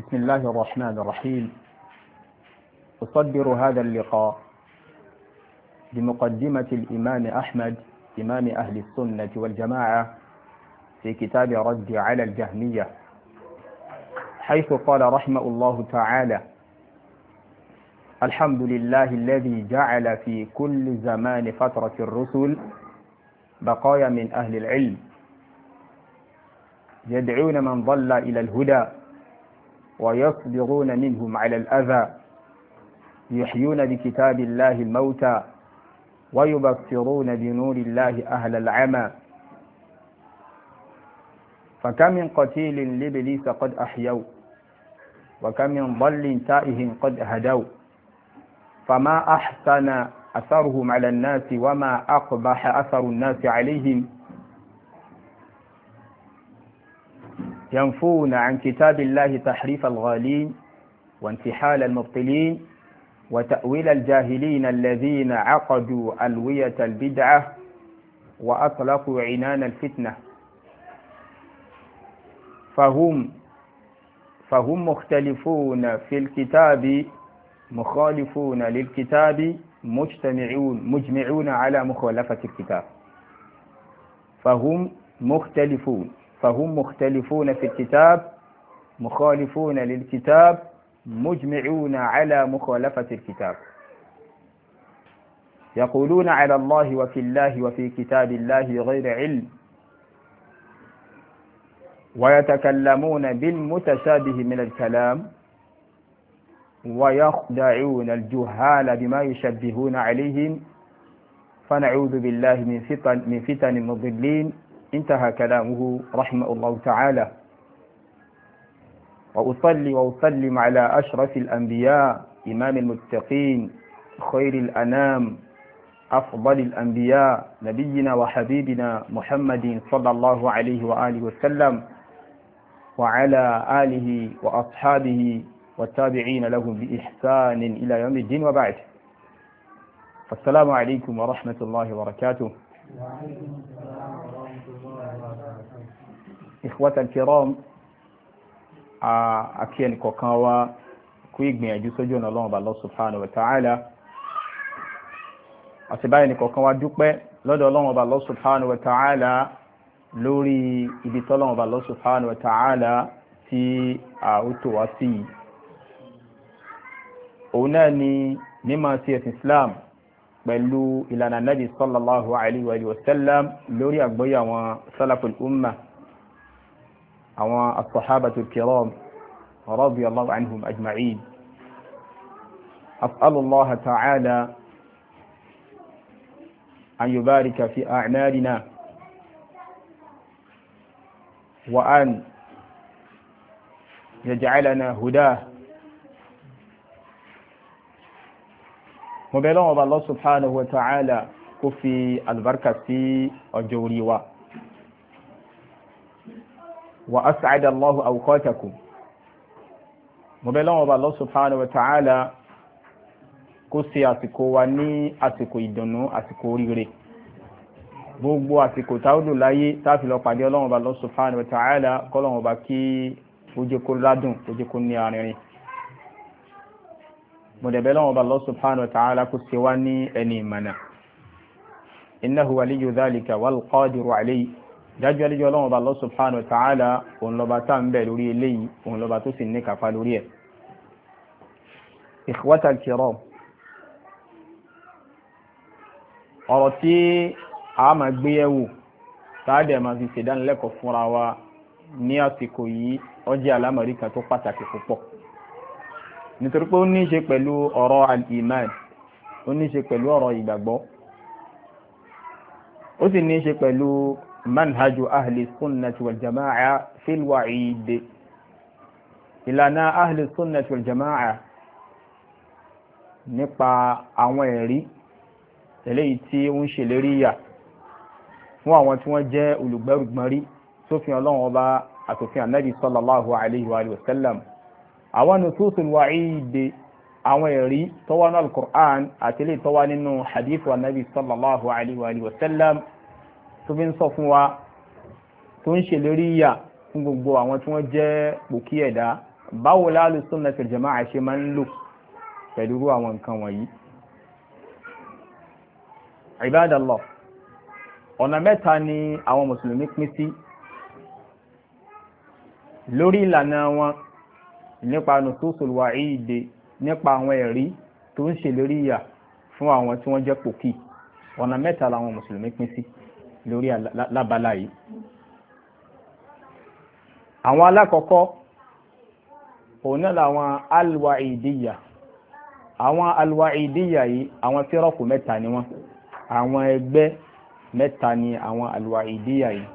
بسم الله الرحمن الرحيم أصدر هذا اللقاء بمقدمة الإمام أحمد إمام أهل السنة والجماعة في كتاب رد على الجهمية حيث قال رحمه الله تعالى الحمد لله الذي جعل في كل زمان فترة الرسل بقايا من أهل العلم يدعون من ضل إلى الهدى ويصبرون منهم على الأذى يحيون بكتاب الله الموتى ويبصرون بنور الله أهل العمى فكم من قتيل لابليس قد احيوا وكم من ضل تائه قد هدوا فما احسن اثرهم على الناس وما اقبح اثر الناس عليهم ينفون عن كتاب الله تحريف الغالين وانتحال المبطلين وتأويل الجاهلين الذين عقدوا ألوية البدعة وأطلقوا عنان الفتنة فهم فهم مختلفون في الكتاب مخالفون للكتاب مجتمعون مجمعون على مخالفة الكتاب فهم مختلفون فهم مختلفون في الكتاب مخالفون للكتاب مجمعون على مخالفة الكتاب يقولون على الله وفي الله وفي كتاب الله غير علم ويتكلمون بالمتشابه من الكلام ويخدعون الجهال بما يشبهون عليهم فنعوذ بالله من فتن من فتن المضلين انتهى كلامه رحمه الله تعالى وأصلي وأسلم على أشرف الأنبياء إمام المتقين خير الأنام أفضل الأنبياء نبينا وحبيبنا محمد صلى الله عليه وآله وسلم وعلى آله وأصحابه والتابعين لهم بإحسان إلى يوم الدين وبعد السلام عليكم ورحمة الله وبركاته وعليكم السلام ikhwata al-kiram àti ẹnìkọ̀kan wa kú ìgbìyànjú sójú ọ̀nà ọlọ́run Allah subhanahu wa ta'ala àti báyìí ẹnìkọ̀kan wa dúpẹ́ lọ́dọ̀ ọlọ́run Allah subhanahu wa ta'ala lórí ibi tọ́lọ́run Allah subhanahu wa ta'ala tí ó tò wá sí yìí òun náà ni mímọ̀ sí ẹ̀sìn Islam pẹ̀lú ìlànà nabi sallallahu lórí àgbọ́yé àwọn salaful أو الصحابة الكرام رضي الله عنهم أجمعين أسأل الله تعالى أن يبارك في أعمالنا وأن يجعلنا هداه مبلغ الله سبحانه وتعالى كفي البركة في الجوري وقت wa as'ada Allahu awqatakum mo bẹ̀ lọ́wọ́ ọba Allah subhanahu wa ta'ala kó ṣe àsìkò wa ní àsìkò ìdùnnú àsìkò oríire gbogbo àsìkò táwùdù láyé táàfin lọ pàdé ọlọ́run ọba Allah subhanahu wa ta'ala kọ́lọ́run ọba kí ojú kó ládùn ní arìnrìn mo dẹ̀ bẹ̀ lọ́wọ́ ọba Allah subhanahu wa ta'ala kó ṣe wá ní ẹni innahu waliyyu dhalika wal qadiru alayhi dájú ẹlẹ́jọ́ ọlọ́run ọba Allah subhanahu wa ta'ala òun lọ́ba tá ń bẹ̀ lórí eléyìí òun lọ́ba tó sì ní kápá lórí ẹ̀. ikhwatal kiram ọ̀rọ̀ tí a máa gbé yẹ̀wò táàdẹ̀ máa fi ṣèdánilẹ́kọ̀ọ́ fúnra wa ní àsìkò yìí ó jẹ́ àlámọ̀rí kan tó pàtàkì púpọ̀ nítorí pé ó ní í ṣe pẹ̀lú ọ̀rọ̀ al-iman ó ní í ṣe pẹ̀lú ọ̀rọ̀ ìgbàgbọ́ ó sì ní í ṣe pẹ̀lú manhaju ahli sunnati wal jama'a fil wa'id ìlànà ahli sunnati wal jama'a nípa àwọn ẹ̀rí eléyìí tí ó ń ṣèlérí ìyà fún àwọn tí wọ́n jẹ́ olùgbẹ́rùgbọ́n rí sófin ọlọ́run ọba àtòfin ànábì sallallahu alayhi wa sallam àwọn nususul wa'id àwọn ẹ̀rí tó wà nínú quran àti eléyìí tó wà nínú hadith wa ànábì sallallahu alayhi wa sallam tó fi ń sọ fún wa tó ń ṣèlérí ìyà fún gbogbo àwọn tí wọ́n jẹ́ pòkí ẹ̀dá báwo la ahlu sunnah fil jama'ah àṣẹ máa ń lò pẹ̀lú àwọn nǹkan wọ̀nyí. Ibadallah ọ̀nà mẹ́ta ni àwọn mùsùlùmí pín sí lórí ìlànà wọn nípa nususul wa'id nípa àwọn ẹ̀rí tó ń ṣèlérí ìyà fún àwọn tí wọ́n jẹ́ pòkí ọ̀nà mẹ́ta làwọn mùsùlùmí pín sí lórí lábala yìí àwọn alákọ̀ọ́kọ́ òun náà làwọn alwaidiyya àwọn alwaidiyya yìí àwọn fírọ́kù mẹ́ta ni wọ́n àwọn ẹgbẹ́ mẹ́ta ni àwọn alwaidiyya yìí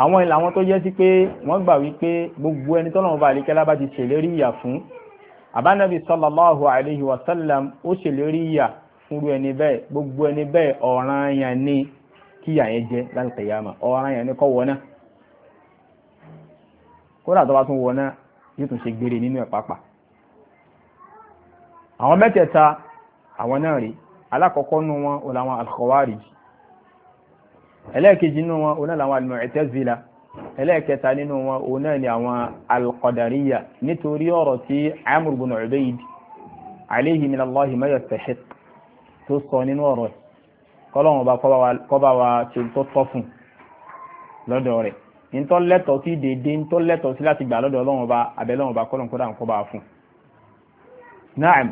àwọn ilẹ̀ àwọn tó jẹ́ sí pé wọ́n gbà wípé gbogbo ẹni tọ́lọ́run bá àríkẹ́lá bá ti ṣèlérí ìyà fún àbánábì sallallahu alaihi wasallam ó ṣèlérí ìyà fúnrú ẹni bẹ́ẹ̀ gbogbo ẹni bẹ́ẹ̀ ọ̀ranyàn ni kíyà yẹn jẹ́ lálùkìyàmà ọ̀ràn yẹn ní kọ́ wọ́n náà kódà tó bá tún wọ́n náà yóò tún ṣe gbére nínú ẹ̀ pápá àwọn mẹ́tẹ̀ẹ̀ta àwọn náà rí alákọ̀ọ́kọ́ nú wọn ò láwọn al-Khawarij ẹlẹ́ẹ̀kejì nínú wọn òun náà làwọn al-Mu'tazila ẹlẹ́ẹ̀kẹta nínú wọn òun ni àwọn al nítorí ọ̀rọ̀ tí Amr ibn Ubayd alayhi min Allahi ma yastahiq tó sọ nínú ọ̀rọ̀ yìí kọ́lọ́wọ́n bá kọ́bá wa ṣe tó tọ́ fún lọ́dọ̀ rẹ̀ ntọ́ lẹ́tọ̀ sí déédéé ntọ́ lẹ́tọ̀ sí láti gbà lọ́dọ̀ ọlọ́wọ́n bá abẹ́lọ́wọ́n bá kọ́lọ́wọ́n kọ́dà kọ́bá fún. naam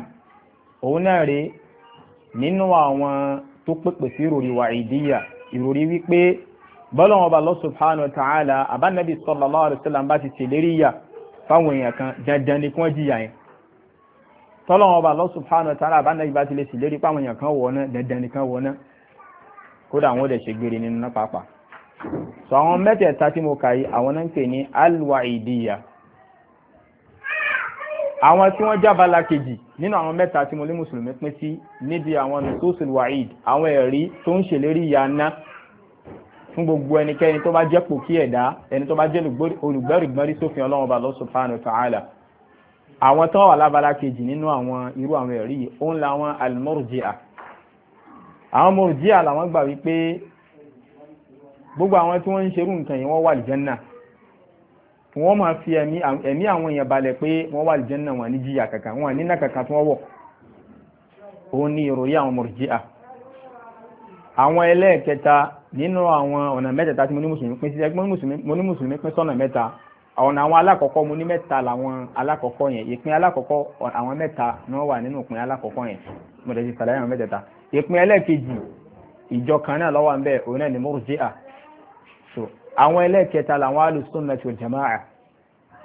òun náà rèé nínú àwọn tó pèpè sí ìròrí wa ìdíyà ìròrí wípé bọ́lọ́wọ́n bá Allah subhanahu wa ta'ala abánabi sallallahu alaihi wasallam bá ti ṣèlérí yà fáwọn èèyàn kan dandan ni kí wọ́n jìyà yẹn tọ́lọ́wọ́n bá Allah subhanahu wa ta'ala abánabi bá ti lè ṣèlérí fáwọn èèyàn kan wọ̀ náà dandan ni kan wọ̀ náà kódà àwọn òdẹ̀ ṣe gbére nínú náà pàápàá so àwọn mẹ́tẹ̀ẹ̀ta tí mo kà yí àwọn náà ń pè ní alwaidiya àwọn tí wọ́n jábala kejì nínú àwọn mẹ́ta tí mo lé mùsùlùmí pín sí níbi àwọn nususul wa'id àwọn ẹ̀rí tó ń ṣèlérí yana fún gbogbo ẹnikẹ́ni tó bá jẹ́ pòkí ẹ̀dá ẹni tó bá jẹ́ olùgbẹ́rùgbẹ́rí sófin ọlọ́run ọba Allah subhanahu wa ta'ala àwọn tó wà lábala kejì nínú àwọn irú àwọn ẹ̀rí òun làwọn al-murji'ah àwọn ọmọ òjì àlàwọn gbà wípé gbogbo àwọn tí wọ́n ń ṣerú nǹkan yìí wọ́n wà lìjẹ́nà wọ́n máa fi ẹ̀mí àwọn èèyàn balẹ̀ pé wọ́n wà lìjẹ́nà wọn ní jìyà kankan wọn nínà kankan tí wọ́n wọ̀ òun ni ìròyìn àwọn mọ̀rìjíà àwọn ẹlẹ́ẹ̀kẹta nínú àwọn ọ̀nà mẹ́tẹ̀ẹ̀ta tí mo ní mùsùlùmí pín sí ẹgbẹ́ mo ní mùsùlùmí pín sọ́nà mẹ́ta ọ̀nà àwọn alákọ̀ọ́kọ́ mo ní mẹ́ta làwọn alákọ̀ọ́kọ́ yẹn ìpín alákọ̀ọ́kọ́ àwọn mẹ́ta ni wọ́n wà nínú ìpín alákọ̀ọ́kọ́ yẹn mo dẹ̀ ti sàlàyé àwọn mẹ́tẹ̀ẹ̀ta ìpín ẹlẹ́ẹ̀kejì ìjọ kan náà lọ́wọ́ ń bẹ̀ òun náà ni murji'a so àwọn ẹlẹ́ẹ̀kẹta làwọn alùsùnnà wal jama'a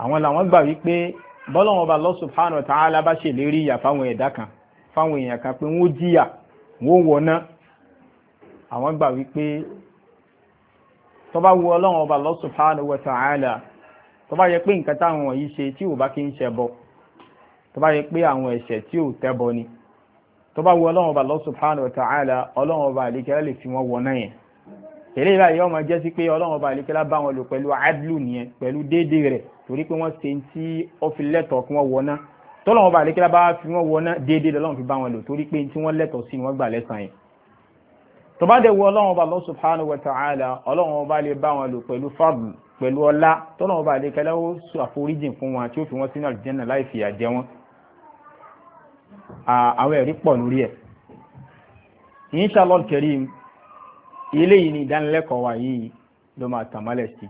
àwọn làwọn gbà wípé bọ́lọ́wọ́n bá Allah subhanahu wa ta'ala bá ṣe lérí ìyà fáwọn ẹ̀dá kan fáwọn èèyàn kan pé wọ́n jìyà wọ́n wọ̀ná àwọn gbà wípé tó bá ọlọ́wọ́n bá Allah subhanahu wa ta'ala tó bá yẹ pé nǹkan táwọn wọ̀nyí ṣe tí ò bá kí ń ṣẹbọ tó bá yẹ pé àwọn ẹ̀ṣẹ̀ tí ò tẹ́bọ ni tó bá wù ọlọ́run ọba Allah subhanahu wa ta'ala ọlọ́run ọba àlekẹ́lá lè fi wọn wọ náà yẹn eléyìí báyìí ọmọ jẹ́ sí pé ọlọ́run ọba àlekẹ́lá bá wọn lò pẹ̀lú adlu nìyẹn pẹ̀lú déédéé rẹ̀ torí pé wọ́n ṣe ń tí ó fi lẹ́tọ̀ọ́ kí wọ́n wọ náà tọ́lọ́run ọba àlekẹ́lá bá fi wọn wọ náà déédéé lọ́lọ́run fi bá wọn lò torí pé tí wọ́n lẹ́tọ̀ọ́ sí wọn gbà lẹ́sàn yẹn tó bá dẹ̀ wù ọlọ́run ọba Allah subhanahu wa ta'ala ọlọ́run ọba lè bá wọn lò pẹ̀lú fadl pẹ̀lú ọlá tọ́lọ́run ọba àlekẹ́lá ó sọ àforíjìn fún wọn àti ó fi wọn sínú àlùjẹ́nà láì fìyà jẹ wọn àwọn ẹ̀rí pọ̀ lórí ẹ̀ inshallah karim ilé yìí ni ìdánilẹ́kọ̀ọ́ wa yìí ló máa tàmálẹ̀ sí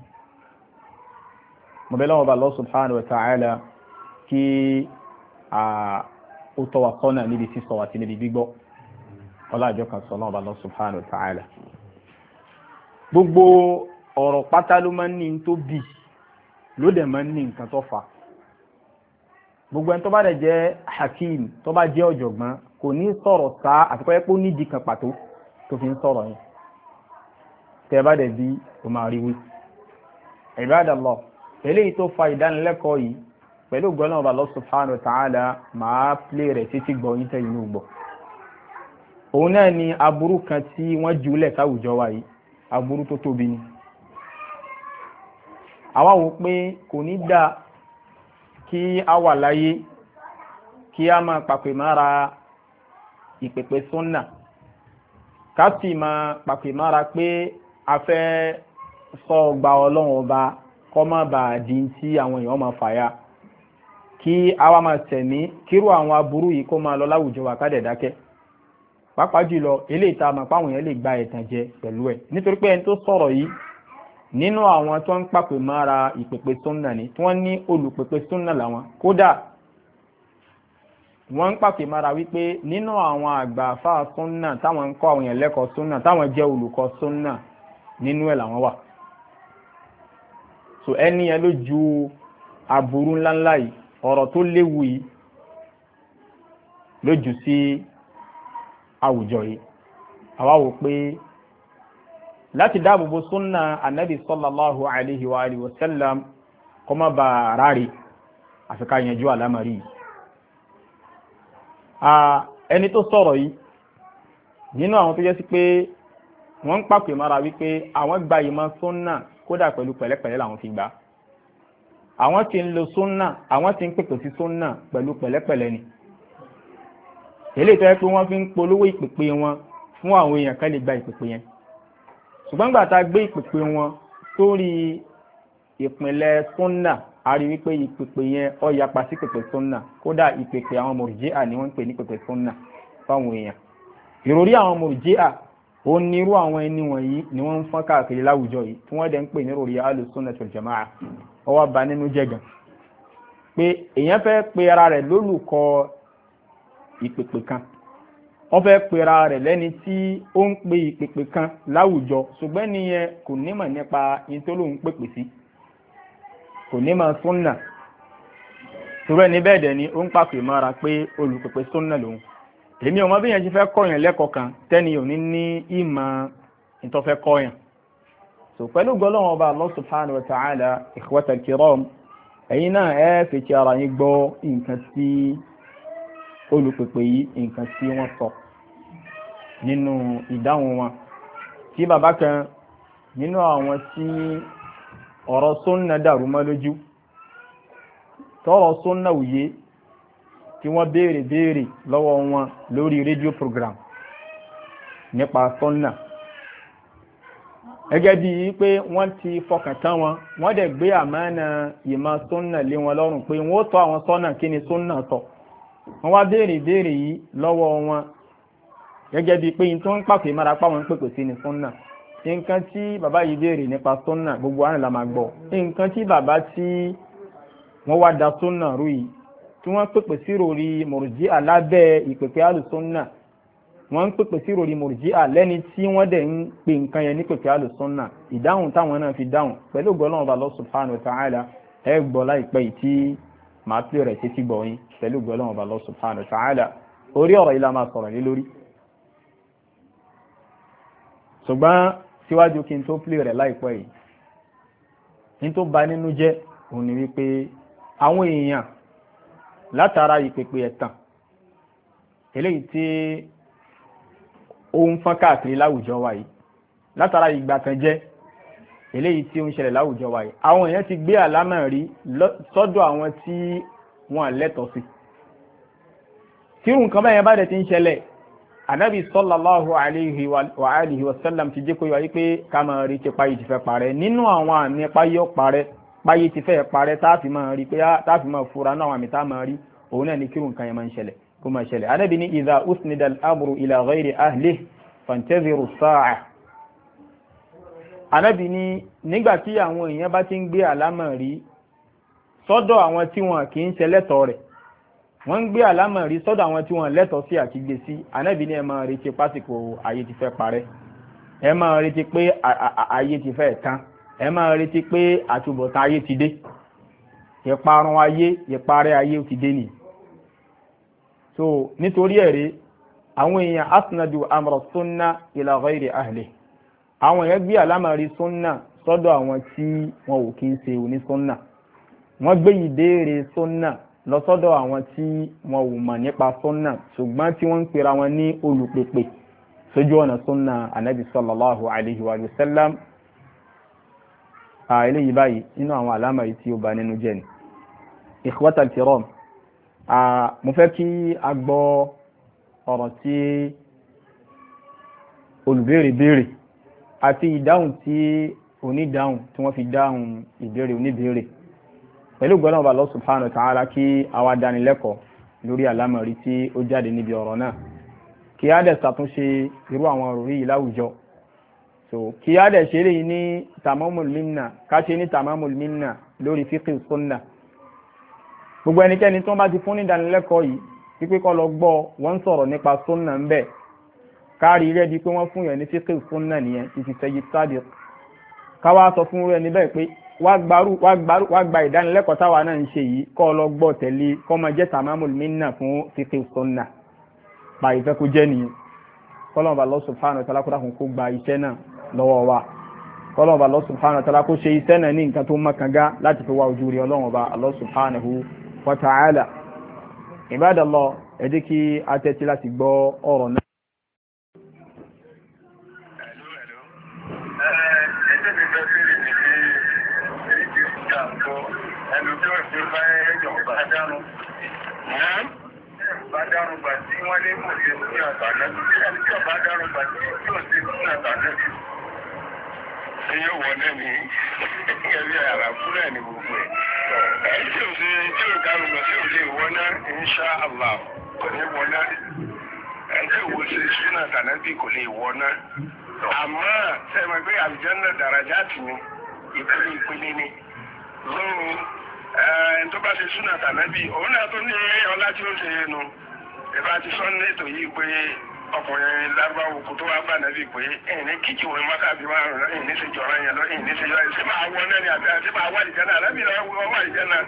mo bẹ̀ lọ́wọ́ bá Allah subhanahu wa ta'ala kí ó tọ́ wa sọ́nà níbi sísọ àti níbi gbígbọ́ ọlájọ́ kan sọ lọ́wọ́ bá Allah subhanahu wa ta'ala gbogbo ọ̀rọ̀ pátá ló máa ń ní tó bì ló máa ń ní nǹkan tó fà á gbogbo ẹni tó bá dẹ̀ jẹ́ hakim tó bá jẹ́ ọ̀jọ̀gbọ́n kò ní sọ̀rọ̀ sá àtikọ́ yẹ pé ó nídìí kan pàtó tó fi ń sọ̀rọ̀ yẹn tẹ́ bá dẹ̀ bí o máa rí wí. Ibadallah eléyìí tó fa ìdánilẹ́kọ̀ọ́ yìí pẹ̀lú gbọ́nà ọba Allah subhanahu wa ta'ala máa plé rẹ̀ títí gbọ́ yín tẹ́yìn ní gbọ́. òun náà ni aburú kan tí wọ́n jùlẹ̀ káwùjọ wa yìí aburú tó tóbi ni. àwa wò pé kò ní dáa kí a wà láyé kí a máa pàpè mára ìpèpè súnà ká sì máa pàpè mára pé a fẹ́ sọ ọgbà ọlọ́run ọba kọ́ má bàa di tí àwọn èèyàn máa fàya kí a wá máa tẹ̀mí kírú àwọn aburú yìí kó máa lọ láwùjọ wa ká dákẹ́ pàápàá jùlọ eléyìí tá a mọ̀ páwọn èèyàn lè gba ẹ̀tàn jẹ pẹ̀lú ẹ̀ nítorí pé ẹni tó sọ̀rọ̀ yìí nínú àwọn tó ń pàpè mára ìpèpè súnà ni tí wọ́n ní olùpèpè súnà làwọn kódà wọ́n ń pàpè mára wípé nínú àwọn àgbà àfa súnà táwọn ń kọ́ àwọn èèyàn lẹ́kọ̀ọ́ súnà táwọn jẹ́ olùkọ́ súnà nínú ẹ̀ làwọn wà so ẹni yẹn ló ju aburú ńláńlá yìí ọ̀rọ̀ tó léwu yìí ló jù sí àwùjọ yìí àwa wò pé láti dáàbòbò súnà anabi sallallahu alayhi wa alihi wa sallam kó má ba ráre àfi ká yanjú àlámàrí ẹni tó sọ̀rọ̀ yìí nínú àwọn tó jẹ́ sí pé wọ́n ń pàpè mọ́ra wípé àwọn gba ìmọ̀ súnà kódà pẹ̀lú pẹ̀lẹ́pẹ̀lẹ́ làwọn fi gbà àwọn tí ń lo súnà àwọn tí ń pèpè sí súnà pẹ̀lú pẹ̀lẹ́pẹ̀lẹ́ ni eléyìí tó yẹ pé wọ́n fi ń polówó ìpèpè wọn fún àwọn èèyàn kan lè gba ìpèpè yẹn ṣùgbọ́n nígbà tá a gbé ìpèpè wọn sórí ìpìlẹ̀ sunna a rí wípé ìpèpè yẹn ó yapa sí pèpè sunna kódà ìpèpè àwọn mùrùjíà ni wọ́n ń pè ní pèpè sunna fáwọn èèyàn ìròrí àwọn mùrùjíà ó ní irú àwọn ẹni wọ̀nyí ni wọ́n ń fọ́n káàkiri láwùjọ yìí tí wọ́n dẹ̀ ń pè ní ròrí ahlu sunnah wal jamaa ó wá bà nínú jẹ́ gan pé èèyàn fẹ́ pe ara rẹ̀ lólùkọ́ ìpèpè kan wọ́n fẹ́ pera rẹ̀ lẹ́ni tí ó ń pe ìpèpè kan láwùjọ ṣùgbọ́n nìyẹn kò nímọ̀ nípa ìtọ́lóhùn pèpè sí kò nímọ̀ súnà ṣùgbọ́n ní bẹ́ẹ̀ dẹ̀ ni ó ń pàpè mọ́ra pé olùpèpè súnà lòun èmi ò mọ bí yẹn ṣe fẹ́ kọ́yàn lẹ́kọ̀ọ́ kan tẹ́ni ò ní ní ìmọ̀ ìtọ́fẹ́ kọ́yàn so pẹ̀lú gbọ́lọ́wọ́n ọba Allah subhanahu wa ta'ala ikhwata kiram ẹ̀yin náà ẹ fètì ara yín gbọ́ nǹkan tí olùpèpè yìí nǹkan tí wọ́n sọ. nínú ìdáhùn wọn tí bàbá kan nínú àwọn tí ọ̀rọ̀ sónà dàrú mọ́ lójú tọ́rọ̀ sónà òye tí wọ́n béèrè béèrè lọ́wọ́ wọn lórí rédíò program nípa sónà gẹ́gẹ́ bí pé wọ́n ti fọkàn tán wọn wọ́n dẹ̀ gbé àmàna ìmọ̀ sónà lé wọn lọ́rùn pé wọ́n tọ́ àwọn sọ́nà kí ni sónà tọ̀ wọ́n wá béèrè béèrè yìí lọ́wọ́ wọn gẹ́gẹ́ bíi pé tó ń pàpè mára pàwọn ń pèpè sí ni súnà nǹkan tí bàbá yìí béèrè nípa súnà gbogbo àrùn la máa gbọ́ nǹkan tí bàbá tí wọ́n wá da súnà rú yìí tí wọ́n pèpè sí rori mọ̀rùjí alábẹ́ ìpèpè àlùsúnà wọ́n ń pèpè sí rori mọ̀rùjí alẹ́ni tí wọ́n dẹ̀ ń pè nǹkan yẹn ní pèpè àlùsúnà ìdáhùn táwọn náà fi dáhùn pẹ̀lú gbọ́lọ́wọ́n bá Allah subhanahu wa ta'ala ẹ gbọ́ láìpẹ́ yìí tí màá pè rẹ̀ sétí gbọ́ yín pẹ̀lú gbọ́lọ́wọ́n bá Allah subhanahu wa ta'ala orí ọ̀rọ̀ yìí la máa sọ̀rọ̀ lé lórí ṣùgbọ́n síwájú kí n tó play rẹ̀ láìpẹ́ yìí ní tó bà nínú jẹ́ òun ni wípé àwọn èèyàn látara ìpèpè ẹ̀tàn eléyìí tí ó ń fọ́n káàkiri láwùjọ wa yìí látara ìgbàtànjẹ́ eléyìí tí ó ń ṣẹlẹ̀ láwùjọ wa yìí àwọn èèyàn ti gbé àlámà rí sọ́dọ̀ àwọn tí wọ́n lẹ́tọ̀ọ́ sí tírù nǹkan báyẹn bá dẹ̀ ti ń ṣẹlẹ̀ anabi sallallahu alayhi wa alihi wa sallam ti jẹ́ kó yọ wípé ká máa rí ti páyé ti fẹ́ parẹ́ nínú àwọn àmì páyé ó parẹ́ páyé ti fẹ́ parẹ́ tá a fi máa rí pé tá a fi máa fura náà àwọn àmì tá a máa rí òun náà ni kírun nǹkan yẹn máa ń ṣẹlẹ̀ kó máa anabi ní idha usnida al-amru ila ghayri ahlihi fantaziru saa anabi ní nígbà tí àwọn èèyàn bá ti ń gbé àlámọ̀ rí sọ́dọ̀ àwọn tí wọn kì í wọ́n ń gbé àlámọ̀ rí sọ́dọ̀ àwọn tí wọ́n lẹ́tọ̀ọ́ sí àkígbé sí anábì ní ẹ máa retí pásìkò ayé ti fẹ́ parẹ́ ẹ máa retí pé ayé ti fẹ́ tán ẹ máa retí pé àtúbọ̀tán ayé ti dé ìparun ayé ìparẹ́ ayé ti dé nìyí so nítorí ẹ̀rí àwọn èèyàn asnadu amra sunna ila ghairi ahli àwọn èèyàn gbé àlámọ̀rí sunna sọ́dọ̀ àwọn tí wọn ò kí ń ṣe oní sunna wọ́n gbé ìbéèrè sunna lọ sọ́dọ̀ àwọn tí wọn ò mọ̀ nípa sunna ṣùgbọ́n tí wọ́n ń pera wọn ní olùpèpè sójú ọ̀nà sunna anabi sallallahu alayhi wa sallam eléyìí báyìí nínú àwọn àlámà yìí tí ó bà nínú jẹ́ ni ikhwatal kiram mo fẹ́ kí a gbọ́ ọ̀rọ̀ tí olùbéèrè béèrè àti ìdáhùn tí onídáhùn tí wọ́n fi dáhùn ìbéèrè oníbéèrè pẹ̀lú gbọ́dọ̀ ọba Allah subhanahu wa ta'ala kí àwa dánilẹ́kọ̀ọ́ lórí àlámọ̀rí tí ó jáde níbi ọ̀rọ̀ náà kí á dẹ̀ ṣàtúnṣe irú àwọn ọ̀rọ̀ yìí láwùjọ so kí á dẹ̀ ṣe lè ní tamamul minna ká ṣe ní tamamul minna lórí fiqh sunna gbogbo ẹnikẹ́ni tó bá ti fún ní ìdánilẹ́kọ̀ọ́ yìí pípé kọ́ lọ gbọ́ wọ́n sọ̀rọ̀ nípa sunna ń bẹ̀ káàrí rẹ̀ di pé wọ́n fún yẹn ní fiqh sunna nìyẹn ìfìsẹ́yìí sadiq káwá sọ fún rẹ̀ níbẹ̀ pé wá gbarú wá gbarú wá gba ìdánilẹ́kọ̀ọ́ táwa náà ń ṣe yìí kọ́ lọ gbọ́ tẹ̀lé kọ́ jẹ́ tamamul minna fún fífi sọ́nà báyìí fẹ́ kó jẹ́ nìyí kọ́lọ́n bá Allah subhanahu wa ta'ala kó dákun kó gba iṣẹ́ náà lọ́wọ́ wa kọ́lọ́n bá Allah subhanahu wa ta'ala kó ṣe iṣẹ́ náà ní nǹkan tó mọ́kànga láti fi wá ojú rí ọlọ́run Allah subhanahu wa ta'ala ìbádàlọ́ ẹ jẹ́ kí a tẹ́tí Bàdárùn-gbà tí wọ́n lé mọ̀ sí ní àtàlẹ́ sí ẹni tí ọ̀bá dárùn-gbà tí yóò sí ní àtàlẹ́ sí. Ṣé yóò wọ́n náà ní ẹ̀rí àràkú náà ní gbogbo ẹ̀? Ẹ̀rí tí ò sí tí ò dárùn-gbà tí ò lè wọ́n náà insha Allah kò ní wọ́n náà. Ẹ̀rí tí ò sí sí ní àtàlẹ́ bí kò lè wọ́n náà. Àmọ́ sẹ́mi pé àlùjánnà dàrájà tì ní ìpínlẹ̀ ìpínlẹ̀ ni. Lóòrùn tó bá ṣe súnà tànábì òun náà tó ní ọlá tí ó ṣe nu ìbá ti sọ ní ètò yìí pé ọkùnrin lárúbáwò kó tó wá bá nàbì pé ẹ̀yìn ní kíkì ma má káàbí márùn náà ẹ̀yìn ní ṣe jọra yẹn lọ ẹ̀yìn ní ṣe yọra ṣe máa wọ náà ní àbí àti máa wá ìjẹ́ náà alábì náà wọ́n wá ìjẹ́ náà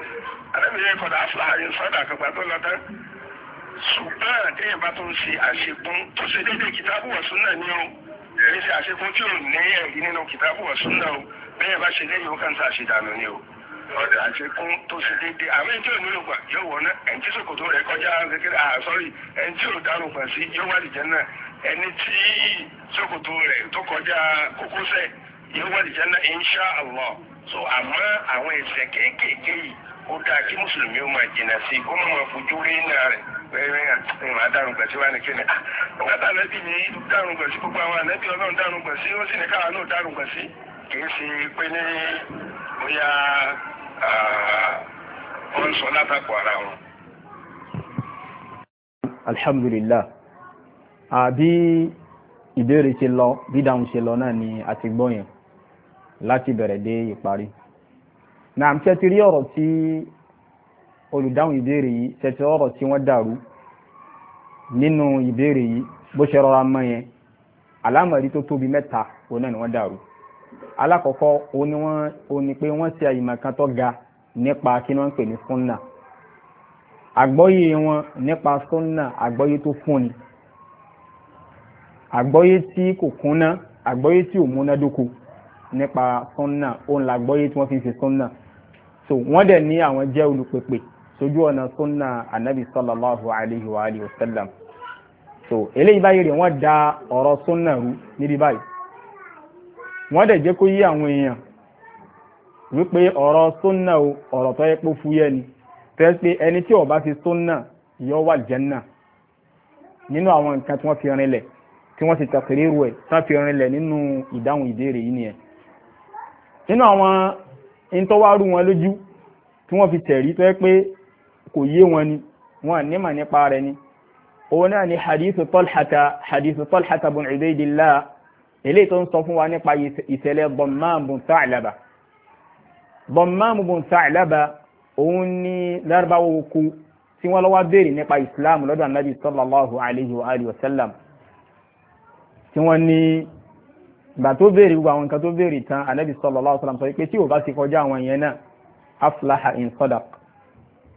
yẹn kọ̀dà sọ́dà tó lọ tán. ṣùgbọ́n téèyàn bá tó ń ṣe àṣekún tó ṣe déédéé kìtàbù ni ṣe o bá ṣe ó kàn ń ṣàṣedànù tó ṣe déédéé àmì ẹni tí ò nílò gbà yóò wọ̀ náà ẹni tí sòkòtò kọjá kékeré ah sorry ẹni tí ò dánù gbà sí yóò wà lìjẹ́ náà ẹni tí sòkòtò rẹ̀ tó kọjá kókósẹ̀ yóò wà lìjẹ́ náà insha allah so àmọ́ àwọn ẹ̀ṣẹ̀ kéékèèké yìí ó dáa kí mùsùlùmí ó máa jìnnà sí kó má máa fojú rí náà rẹ̀ ẹ̀rìn ìwà dárúgbà sí wà ní kíni. Nígbàtà ah, lẹ́bí ní dárúgbà sí gbogbo àwọn àlẹ́bí ọlọ́run dárúgbà sí ó sì ní káwa náà dárúgbà sí. Kì í ṣe pé ní bóyá Ah, wọ́n sọ látàkọ ara wọn. alhamdulillah àbí ìbéèrè ṣe lọ bí dáhùn ṣe lọ náà ni a ti gbọ́ yẹn láti bẹ̀rẹ̀ dé ìparí náà ṣe ti rí ọ̀rọ̀ tí olùdáhùn ìbéèrè yìí ṣe ti ọ̀rọ̀ tí wọ́n dàrú nínú ìbéèrè yìí bó ṣe rọra mọ́ yẹn alámọ̀rí tó tóbi mẹ́ta òun náà ni wọ́n dàrú alákọ̀ọ́kọ́ òní wọ́n òní pé wọ́n ṣe àyìmọ̀ kan tó ga nípa kí wọ́n ń pè ní sunna àgbọ́yé wọn nípa sunna àgbọ́yé tó fúnni àgbọ́yé tí kò kúnná àgbọ́yé tí ò múnádóko nípa sunna òun làgbọ́yé tí wọ́n fi ń ṣe sunna so wọ́n dẹ̀ ní àwọn jẹ́ olùpèpè sójú ọ̀nà sunna anabi sallallahu alayhi wa alihi wa sallam so eléyìí báyìí rẹ̀ wọ́n da ọ̀rọ̀ sunna rú níbi báyìí wọ́n dẹ̀ jẹ́ kó yí àwọn èèyàn wípé ọ̀rọ̀ sunna o ọ̀rọ̀ tó yẹ pé fúyẹ́ ni tẹ́ pé ẹni tí ó bá ti sunna yọ wà jẹ́nà nínú àwọn nǹkan tí wọ́n fi rinlẹ̀ tí wọ́n ti tàkìrírù ẹ̀ tán fi rinlẹ̀ nínú ìdáhùn ìbéèrè yìí nìyẹn nínú àwọn ìtọ́wárù wọn lójú tí wọ́n fi tẹ̀rí tó pé kò yé wọn ni wọn nímọ̀ nípa rẹ̀ ni òun náà ni hadithu Talhata hadithu Talhata bun Ubaydillah eléyìí tó ń sọ fún wa nípa ìṣẹ̀lẹ̀ Dhammam bun Tha'laba Dhammam bun Tha'laba òun ní lárúbáwò kú tí wọ́n lọ́wọ́ béèrè nípa islam lọ́dọ̀ anabi sallallahu alayhi wa alihi wa sallam tí wọ́n ní ìgbà tó béèrè gbogbo àwọn nǹkan tó béèrè tán anabi sallallahu alayhi wa sallam sọ pé tí ò bá ti kọjá àwọn yẹn náà aflaha in sadaq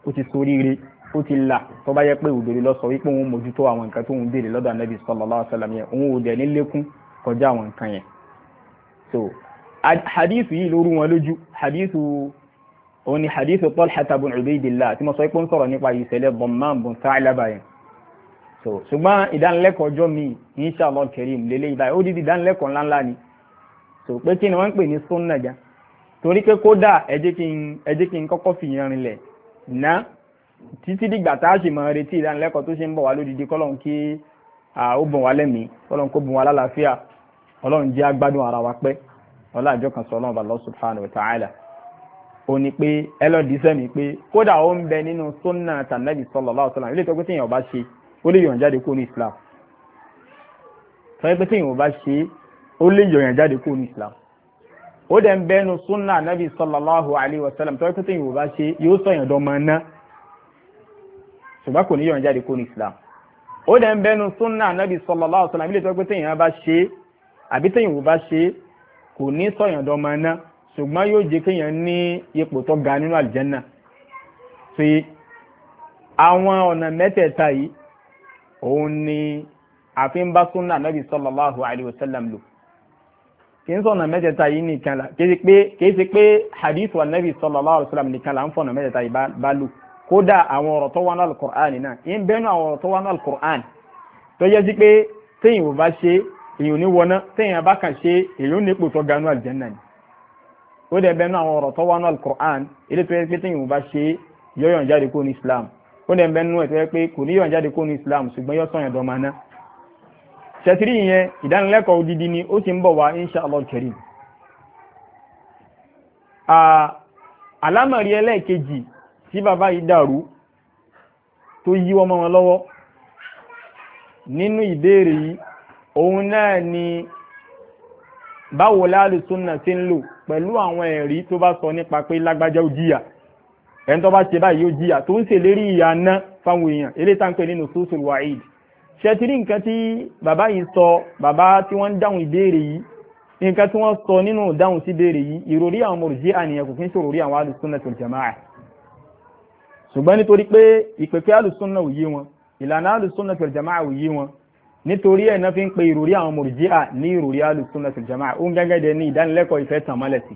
ó ti ṣoríire ó ti là tó bá yẹ pé òdòdó lọ sọ wípé òun mójútó àwọn nǹkan tó ń béèrè lọ́dọ̀ anabi sallallahu sallam yẹn òun ò dẹ̀ ní lékún kọjá àwọn nǹkan yẹn so hadith yìí ló rú wọn lójú hadith òun ni hadith Talha bun Ubaydillah tí mo sọ pé ń sọ̀rọ̀ nípa ìṣẹ̀lẹ̀ Damman bun Tha'laba yẹn so ṣùgbọ́n ìdánilẹ́kọ̀ọ́ ọjọ́ mi insha Allah karim lélẹ́ ìbáyìí ó dídí ìdánilẹ́kọ̀ọ́ ńláńlá ni so pé kí ni wọ́n ń pè ní sunna já torí pé kódà ẹ jẹ́ kí n kọ́kọ́ fìyàn rinlẹ̀ ná títí dìgbà tá a sì máa retí ìdánilẹ́kọ̀ọ́ tó ṣe ń bọ̀ wá lódìdí kọ́lọ́n kí ó bùn wá lẹ́mìí kọ́lọ́n kó bùn wá lálàáfíà ọlọ́run jẹ́ agbádùn ara wa pẹ́ ọlá àjọ kan sọ ọlọ́run bá Allah subhanahu wa ta'ala ó ní pé ẹ lọ dì sẹ́mi pé kódà ó ń bẹ nínú sunna tànàbì sallallahu alaihi wasallam ilé ìtọ́gbé téèyàn bá ṣe ó lè yọ̀n jáde kó ní islam sọ pé téèyàn bá ṣe ó lè yọ̀n jáde kó ní islam ó dẹ̀ ń bẹ nínú sunna nàbì sallallahu alaihi wasallam sọ pé ṣe yóò sọ àbí téèyàn ò bá ṣe é kò ní sọ̀yàn dọ́mọ iná ṣùgbọ́n yóò jẹ́ kéèyàn ní ipò tó ga nínú àlìjẹ́nà pé àwọn ọ̀nà mẹ́tẹ̀ẹ̀ta yìí òun ni àfi súnà nàbì sallallahu alaihi wasallam lò kì í sọ̀nà mẹ́tẹ̀ẹ̀ta yìí nìkan la kì í ṣe pé hadith wa nàbì sallallahu alaihi wasallam nìkan la ń fọ̀nà mẹ́tẹ̀ẹ̀ta yìí bá lò kódà àwọn ọ̀rọ̀ tó wà ní alukur'an náà ń bẹ́nu àwọn ọ̀rọ̀ tó wà alukur'an tó yẹ èyàn ní wọná téèyàn bá kàn ṣe èyàn ní ipò tó ga nú àlùjẹ́nà ni ó dẹ̀ bẹ́ẹ̀ àwọn ọ̀rọ̀ tó wà nú alukur'an ilé tó yẹ pé téèyàn bá ṣe yọ̀yàn jáde kó ní islam ó dẹ̀ bẹ́ẹ̀ nú ẹ̀ yẹ pé kò ní yọ̀yàn jáde kó ní islam ṣùgbọ́n yọ sọ̀yàn dọ̀ máa ná ṣẹtiri yẹn ìdánilẹ́kọ̀ọ́ odidi ni ó ti ń bọ̀ wá insha allah karim alámọ̀rí ẹlẹ́ẹ̀kejì tí bàbá yìí dàrú tó yí ọmọ wọn lọ́wọ́ nínú ìbéèrè yìí òun náà ni báwo láàlù súnà ti ń lò pẹ̀lú àwọn ẹ̀rí tó bá sọ nípa pé lágbájá ó jìyà ẹni tó bá ṣe báyìí ó jìyà tó ń ṣèlérí ìyà náà fáwọn èèyàn eléyìí tá ń pè nínú sùsùlù wàhíd ṣẹtìrí nǹkan tí bàbá yìí sọ bàbá tí wọ́n ń dáhùn ìbéèrè yìí nǹkan tí wọ́n sọ nínú ìdáhùn sí ìbéèrè yìí ìròrí àwọn mọ̀rùjí àníyàn kò kí ń àwọn alùsùnà tó jẹ̀máà ṣùgbọ́n nítorí pé ìpèpè alùsùnà òye wọn ìlànà alùsùnà tó jẹ̀máà òye wọn nítorí ẹ̀ náà fi ń pe ìròrí àwọn mùrùjíà ní ìròrí alùsùnà sí jama'a ó ń gẹ́gẹ́ dẹ ní ìdánilẹ́kọ̀ọ́ ìfẹ́ tàn mọ́lẹ̀ sí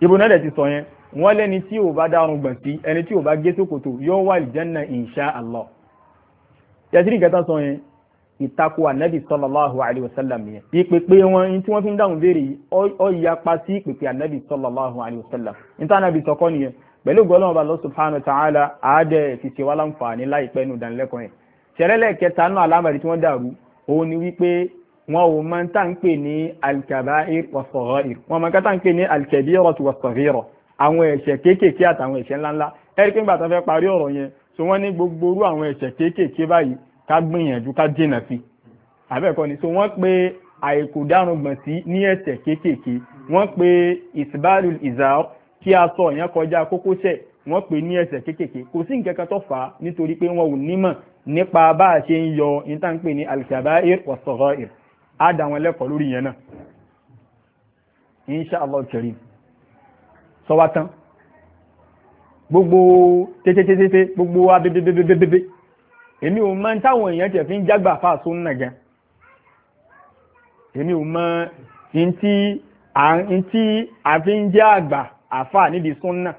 ibo náà dẹ̀ ti sọ yẹn wọ́n lẹ́ni tí ò bá dárun gbọ̀n sí ẹni tí ò bá gé sókòtò yóò wà ìjẹ́nà insha Allah yẹtìrì gẹ́tà sọ yẹn ìtakò ànábì sallallahu alayhi wa sallam yẹn ìpèpè wọn ní tí wọ́n fi ń dáhùn béèrè ọ ìyapa sí ìpèpè ànábì sallallahu alayhi wa sallam níta ànábì sọkọ́ nìyẹn pẹ̀lú gbọ́lọ́mọba Allah subhanahu wa ta'ala àádẹ́ ti ṣe wá láǹfààní láìpẹ́ nù dánilẹ́kọ̀ọ́ yẹn ṣẹlẹ́lẹ̀ kẹta náà alámàrí tí wọ́n dàrú òun ni wípé wọn ò máa ń tà ń pè ní alkabair wa saghair wọn máa ń tà ń pè ní alkabiratu wa saghira àwọn ẹ̀ṣẹ̀ kéékèèké àtàwọn ẹ̀ṣẹ̀ ńláńlá ẹ̀rí pé nígbà tó fẹ́ parí ọ̀rọ̀ yẹn so wọ́n ní gbogbo orú àwọn ẹ̀ṣẹ̀ kéékèèké báyìí ká gbìyànjú ká jìnà sí àbẹ́ẹ̀kọ́ ni so wọ́n pe àìkò dárùngbọ̀n sí ní ẹ̀ṣẹ̀ kéékèèké wọ́n pe isbalul izar kí aṣọ yẹn kọjá kókósẹ̀ wọ́n pe ní ẹ̀ṣẹ̀ kéékèèké kò sí nǹkan kan tó fà á nítorí pé wọn ò nímọ̀ nípa bá a ṣe ń yọ ìtànpè ní al-kaba'ir was-sagha'ir á dá wọn lẹ́kọ̀ọ́ lórí yẹn náà insha Allah karim sọwátán gbogbo tẹ́tẹ́tẹ́tẹ́ gbogbo abébébébébébé èmi ò mọ̀ táwọn èèyàn tẹ̀ fi ń jágbà fà sún nà gan èmi ò mọ̀ ntí àfi ń jẹ́ àgbà àfà nídìí sún nà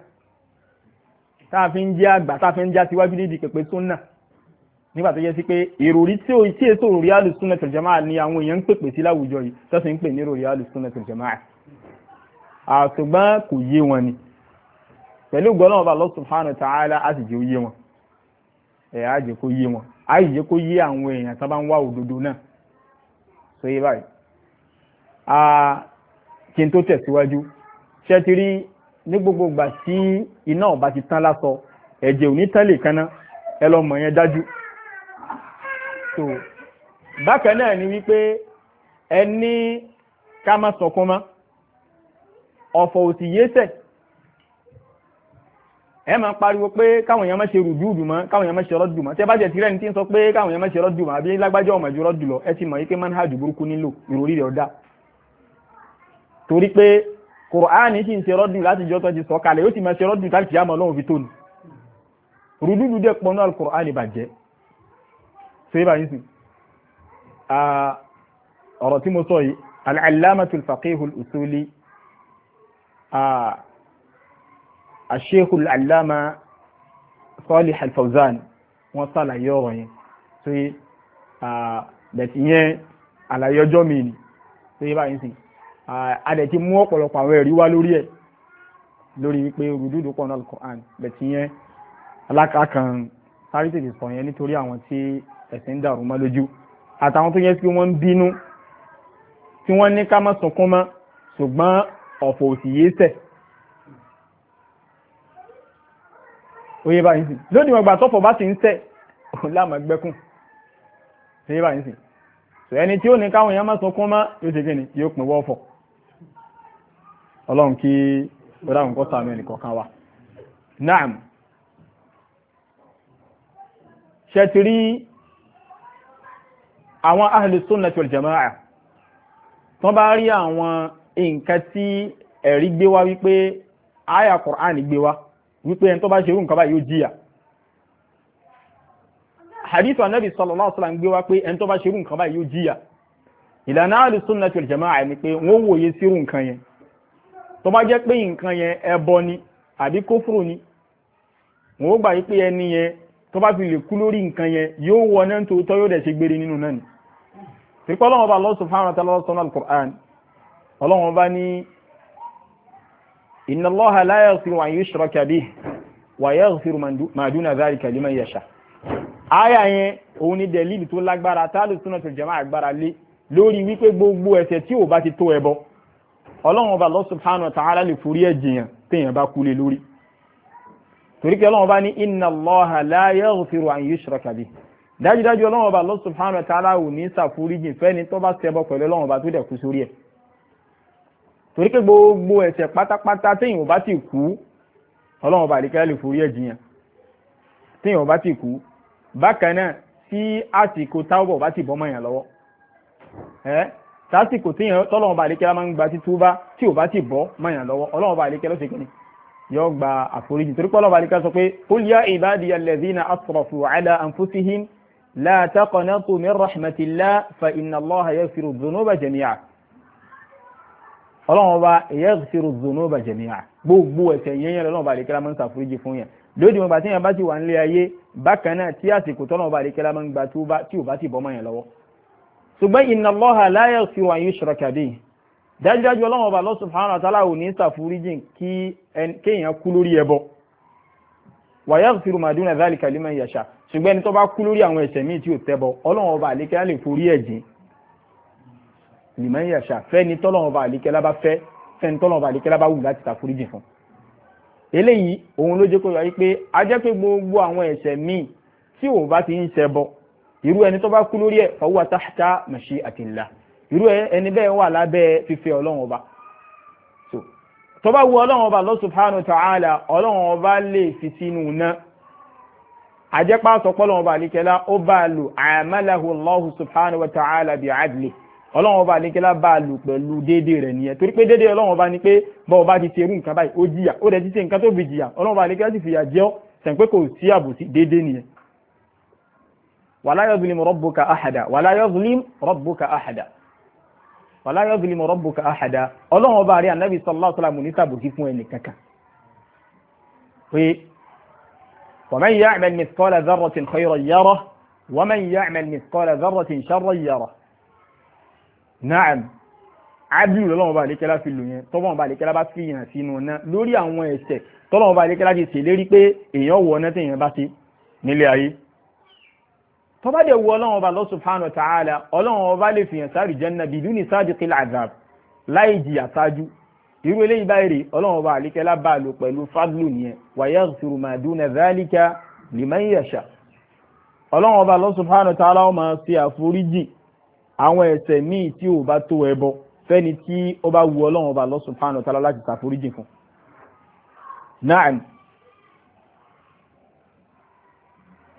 tá fi ń jẹ́ àgbà tá fi ń já síwájú nídìí pẹ̀pẹ́ sún nà nígbà tó yẹ sí pé ìròrí tí ó tí ètò òròrí alùsùnà tẹ̀jẹ̀má ni àwọn èèyàn ń pèpè sí láwùjọ yìí tó sì ń pè ní ìròrí alùsùnà tẹ̀jẹ̀má àṣùgbọ́n kò yé wọn ni pẹ̀lú gbọ́dọ̀ ọba Allah subhanahu wa ta'ala á sì jẹ́ ó yé wọn ẹ̀ á jẹ́ kó yé wọn á sì jẹ́ kó yé àwọn èèyàn tó bá ń wá òdodo náà tó yé báyìí. kí n tó tẹ̀síwájú ṣé ní gbogbo ìgbà tí iná ọba so bákan náà ni wípé ẹni ká má sọkún mọ́ ọ̀fọ̀ òsì yéṣẹ̀ ẹ máa pariwo pé káwọn èèyàn má ṣe rùdú dùn mọ́ káwọn èèyàn má ṣe rọ́dù mọ́ tẹ́ bá jẹ́ tirẹ̀ ní tí ń sọ pé káwọn èèyàn má ṣe rọ́dù mọ́ àbí lágbájọ́ ọmọ ju rọ́dù lọ ẹ ti mọ̀ yí pé manhaj burúkú nílò ìròrí rẹ̀ ọ̀dà torí pé kùránì sì ń ṣe rọ́dù láti jọ́ tó ti sọ kalẹ̀ ó sì máa ṣe rọ́dù táàkì àmọ́ ọlọ́run fi tóni rùdú dùn dẹ́ pọnú alukùránì bàjẹ́ ṣe bá yìí sí ọ̀rọ̀ الفقيه الأسولي. الشيخ yìí صالح الفوزان usuli a sheikhul al'allama على al-fawzan wọ́n sàlàyé ọ̀rọ̀ yìí tí bẹ̀tì yẹn àlàyé ọjọ́ mi ni ṣe bá yìí sí a dẹ̀ ti mú ọ̀pọ̀lọpọ̀ àwọn ẹ̀rí wá lórí ẹ̀ lórí wípé rùdúdú pọ̀ náà al-Qur'an bẹ̀tì yẹn alákàkàn sáré tètè sọ yẹn nítorí àwọn tí ẹ̀sìn dàrú mọ́ lójú àtàwọn tó yẹ kí wọ́n ń bínú tí wọ́n ní ká má sunkún mọ́ ṣùgbọ́n ọ̀fọ̀ òsì yé sẹ̀ oyè báyìí sì lónìí wọn gbà tọ́fọ̀ bá sì ń sẹ̀ òun láàmú ẹgbẹ́kùn oyè báyìí sì sọ ẹni tí ó ní káwọn èèyàn má sunkún mọ́ yóò ṣe kíni yóò pín wọ́ọ̀fọ̀ ọlọ́run kí bọ́dá àwọn kọ́ sàmì ẹnì kọ̀ọ̀kan wa naam ṣe ti rí àwọn ahlu sunnah wal jama'a tán bá rí àwọn nǹkan tí ẹ̀rí gbé wá wípé àyà Qur'an gbé wá wípé ẹni tó bá ṣerú nǹkan anabi sallallahu alaihi ó jama'a ni pé wọ́n nǹkan yẹn tó bá jẹ́ pé nǹkan yẹn ẹbọ ni àbí kófúrò ni wọ́n gbà wípé ẹni yẹn tó bá fi lè kú lórí nǹkan yẹn yóò wọ náà yóò ni tìpọ́ ọlọ́run ọba Allah subhanahu wa ta'ala lọ́sọ̀nà al-Qur'an ọlọ́run ọba ní inna Allaha la yaghfiru an yushraka bihi wa yaghfiru ma duna dhalika liman yasha àyà yẹn òun ni dẹ̀lílì tó lágbára táàlù sunnatul jama'a agbára lé lórí wípé gbogbo ẹ̀ṣẹ̀ tí ò bá ti tó ẹbọ ọlọ́run ọba Allah subhanahu wa lè forí ẹ̀jìyàn téèyàn bá kú lórí torí pé ọba ní inna Allaha la yaghfiru an yushraka dájúdájú ọlọ́run ọba Allah subhanahu wa ta'ala ò ní ṣàforíjìn fẹ́ni tó bá ṣẹbọ pẹ̀lú ọlọ́run ọba tó dẹ̀ kú sórí ẹ̀ torí pé gbogbo ẹ̀ṣẹ̀ pátápátá téèyàn ò bá ti kú ọlọ́run ọba àdìkẹ́ lè forí ẹ̀ jiyàn téèyàn ò bá ti kú bákan náà tí àsìkò táwọ̀bọ̀ bá ti bọ́ mọ́ yàn lọ́wọ́ ẹ́ tásìkò téèyàn tọ́lọ́run ọba àdìkẹ́ máa ń gba títú bá tí ò bá ti bọ́ mọ́ yàn lọ́wọ́ ọlọ́run ọba àdìkẹ́ lọ́sẹ̀ kìíní yóò gba àforíjì torí pé ọlọ́run ọba àdìkẹ́ sọ pé qul ya ibadiya alladhina asrafu ala anfusihim لا تقنطوا من رحمة الله فإن الله يغفر الذنوب جميعا ọlọ́run ọba yaghfiru dhunuba jami'a gbogbo ẹ̀ṣẹ̀ yẹn yẹn lọ́wọ́ àdékẹ́lá máa ń ṣàforíjì fún yẹn lódì wọn gbà tí yẹn bá ti wà nílé ayé bákan náà tí àsìkò tọ́lọ́wọ́ ọba àdékẹ́lá máa ń gba tí ò bá ti bọ́mọ yẹn lọ́wọ́. ṣùgbọ́n inna Allaha la yaghfiru an yushraka bihi dájúdájú ọlọ́run ọba Allah subhanahu wa ta'ala ò ní ṣàforíjì kí kéèyàn kú lórí ẹbọ wa yaghfiru ma duna dhalika liman yasha ṣùgbọ́n ẹni tó bá kú lórí àwọn ẹ̀ṣẹ̀ míì tí ò tẹ́bọ ọlọ́run ọba àlékẹ́lá lè forí ẹ̀jìn lìmọ̀n yàṣà fẹ́ni tọ́lọ́run ọba àlékẹ́lá bá fẹ́ fẹ́ni tọ́lọ́run ọba àlékẹ́lá bá wù láti ta foríjìn fún. eléyìí òun ló jẹ́ kó yọ wáyé pé a jẹ́ pé gbogbo àwọn ẹ̀ṣẹ̀ míì tí ò bá ti ń ṣẹbọ irú ẹni tó bá kú lórí ẹ̀ fahuwa tahta mashi'atillah irú ẹni bẹ́ẹ̀ wà lábẹ́ fífẹ́ ọlọ́run ọba tó bá wu ọlọ́run ọba Allah subhanahu wa ta'ala ọlọ́run ọba lè fi sínú náà àjẹpá sọpọlọ ọba àlekẹlá ó bá a lò àmàlàhù Allahu subhanahu wa ta'ala bi adli ọlọ́run ọba àlekẹlá bá a lò pẹ̀lú déédéé rẹ̀ nìyẹn torí pé déédéé ọlọ́run ọba ni pé bọ́ ọba ti ṣerú nǹkan báyìí ó jìyà ó dẹ̀ ti ṣe nǹkan tó fi jìyà ọlọ́run ọba àlekẹlá sì fìyà jẹ́ ọ́ sẹ̀ǹpẹ́ kò sí àbòsí déédéé nìyẹn. wàlá yazlim rabbuka ahada wàlá yazlim rabbuka ahada wàlá yazlim rabbuka ahada ọlọ́run ọba àrí ànábì sallallahu alaihi wasallam ní sàbòsí fún ẹnì kankan pé ومن يعمل مثقال ذرة خيرا يره ومن يعمل مثقال ذرة شرا يره نعم عدل lọ́wọ́ bá lékẹ́lá fi lò yẹn tọ́wọ́ bá lékẹ́lá bá fi yàn sínú ọ̀nà lórí àwọn ẹ̀ṣẹ̀ tọ́wọ́ bá lékẹ́lá ti ṣèlérí pé èèyàn wọ̀ ọ̀nà téèyàn bá ti nílé ayé tọ́ba dẹ̀ wọ ọlọ́wọ́ bá Allah subhanahu wa ta'ala ọlọ́wọ́ bá lè fi yàn sáàrì jẹ́nà bìdú ní sáàdì kílà àzàb láì irú eléyìí báyìí rè ọlọ́run ọba àlékẹ́lá bá a lò pẹ̀lú fadlu nìyẹn wa yaghfiru ma duna dhalika liman yasha ọlọ́run ọba Allah subhanahu wa ta'ala máa ṣe àforíjì àwọn ẹ̀ṣẹ̀ míì tí ò bá tó ẹbọ fẹ́ni tí ó bá wu ọlọ́run ọba Allah subhanahu wa ta'ala láti ṣàforíjì fún. naam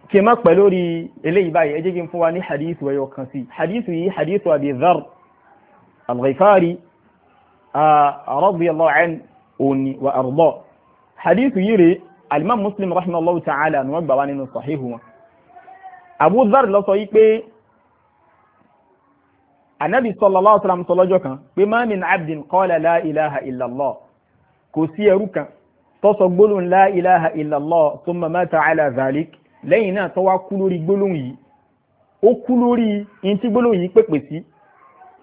kí má pẹ̀ lórí eléyìí báyìí ẹ kí n fún wa ní hadith wẹ̀yọ̀ kan sí hadith yìí hadith Abi Dharr al-Ghifari radiyallahu anhu òní wa àrùbọ̀ hadith yìí rèé alimam muslim rahimahullahu ta'ala ni wọ́n gbà wá nínú sahihu wọn abu dhar lọ sọ yìí pé anabi sallallahu alaihi wasallam sọ lọ́jọ́ kan pé ma min abdin qala la ilaha illallah kò sí ẹrú kan tó sọ gbólóhùn la ilaha illallah thumma mata ala lẹ́yìn náà tó wá kú lórí gbólóhùn yìí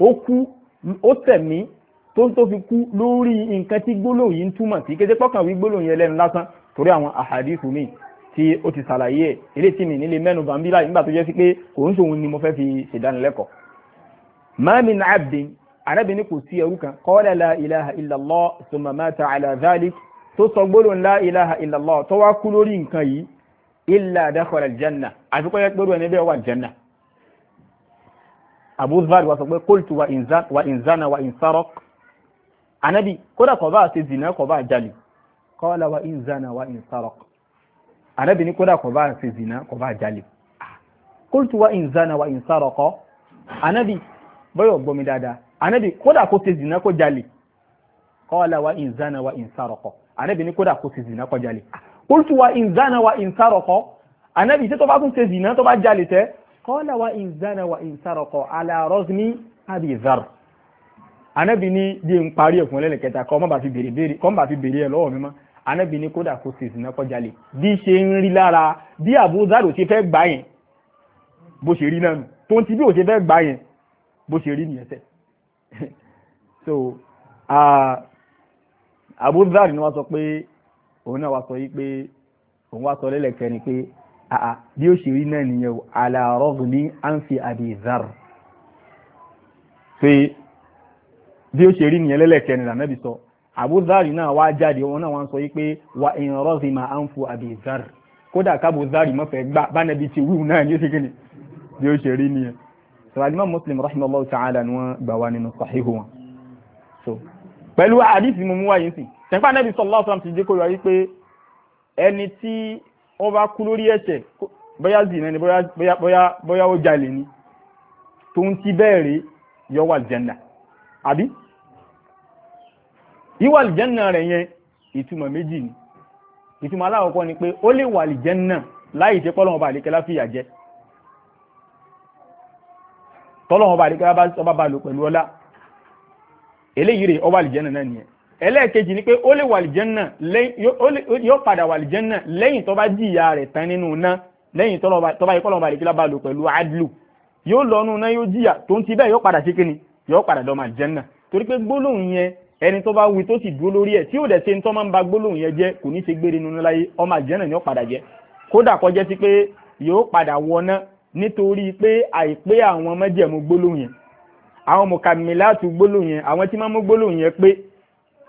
ó kú lórí tó ń tó fi kú lórí nǹkan tí gbólóhùn yìí ń túmọ̀ sí kété pọ́kàn wí gbólóhùn yẹn lẹ́nu lásán torí àwọn àhàdìsù mi tí ó ti ṣàlàyé ẹ̀ eléyìí tí mi nílé mẹ́nu bàbí láì nígbà tó jẹ́ sí pé kò ń ṣòun ni mo fẹ́ fi ṣèdánilẹ́kọ̀ọ́. ma min abdin arábìnrin kò sí ẹrú kan qala la ilaha illallah summa mata ala dhalik tó sọ gbólóhùn la ilaha illallah tó wá kú lórí nǹkan yìí illa dakhala aljanna àti pé gbólóhùn ẹni bẹ́ẹ̀ wà janna. abu dhar wa sọ pé qultu wa inzana wa insarak ànábì kódà kò bá ṣe zìnà kò bá jalè qala wa in zana wa in saraq ànábì ní kódà kò bá ṣe zìnà kò bá jalè qultu wa in zana wa in saraq ànábì bọ́yọ̀ gbọ́ mi dáadáa ànábì kódà kó ṣe zìnà kó jalè qala wa in zana wa in saraq ànábì ní kódà kó ṣe zìnà kó jalè qultu wa in zana wa in saraq ànábì tó bá tún ṣe zìnà tó bá jalè tẹ́ qala wa in zana wa in saraq ala abi dhar anabi ní di n parí ẹ̀kún lẹ́lẹ̀ kẹta kọ́ mọ́ba fi bèrè bèrè kọ́ mọ́ba fi bèrè ẹ̀ lọ́wọ́ mi mọ́ anabi ní kódà kó sì ìsìn nákọ́ jalè bí ṣe ń rí lára bí àbúzárò ṣe fẹ́ gbà yẹn bó ṣe rí náà nù tó bí ò ṣe fẹ́ gbà yẹn bó ṣe rí nìyẹn sẹ́ so àbúzárò ni wọ́n sọ pé òun náà wá sọ yìí pé òun wá sọ lẹ́lẹ̀ kẹrin pé bí ó ṣe rí náà nìyẹn o àlàrọ́ọ̀gù ní à ń fi àbí zar bí ó ṣe rí nìyẹn lẹ́lẹ́kẹrin lànàbí sọ àbúzárì náà wá jáde wọn náà wá ń sọ wípé wa ìrọ́sì máa ń fo àbízárì kódà kábùzárì mọ́fẹ́ gbà bánàbí ti wíwù náà ní ó ni bí ó ṣe rí nìyẹn sọ̀rọ̀dìmọ́ muslim rahimahullah ta'ala ni wọ́n gbà wá nínú sahihu wọn so pẹ̀lú àdìsí mú wáyé sí tẹ̀pá nẹ́bí sallallahu alaihi wasallam ti jẹ́ kó yọ wípé ẹni tí ó bá kú lórí ẹ̀ṣẹ̀ bóyá zina ni bóyá bóyá bóyá ó jalè ni tó ń ti bẹ́ẹ̀ rí yọ wà jẹ́ndà àbí ìwà àlìjẹ́nà rẹ̀ yẹn ìtumọ̀ méjì ni ìtumọ̀ aláwọ̀kọ́ ni pé ó lè wà àlìjẹ́nà láì jẹ́ pọ́lọ́wọ́n bá àlékẹ́lá fìyà jẹ tọ́lọ́wọ́n bá àlékẹ́lá ọba bá lò pẹ̀lú ọlá eléyìí rẹ̀ ọba àlìjẹ́nà náà nìyẹn ẹlẹ́ẹ̀kejì ni pé ó lè wà àlìjẹ́nà yóò padà wà àlìjẹ́nà lẹ́yìn tó bá jìyà rẹ̀ tán lò pẹ̀lú adlu yóò lọ́nu náà yóò jìyà tó ń ti bẹ́ẹ̀ yóò padà ṣe yóò padà dọ́mọ àlìjẹ́nà torí pé gbólóhùn yẹn ẹni tó bá wí tó sì dúró lórí ẹ̀ tí ò dẹ̀ ṣe ń tọ́ máa ń ba gbólóhùn yẹn jẹ́ kò ní ṣe gbére nínú láyé ọmọ àlìjẹ́nà ni ó padà jẹ́ kódà kó jẹ́ sí pé yóò padà wọná nítorí pé àìpé àwọn mẹ́jẹ̀mú gbólóhùn yẹn àwọn mùkàmìláàtù gbólóhùn yẹn àwọn tí máa mú gbólóhùn yẹn pé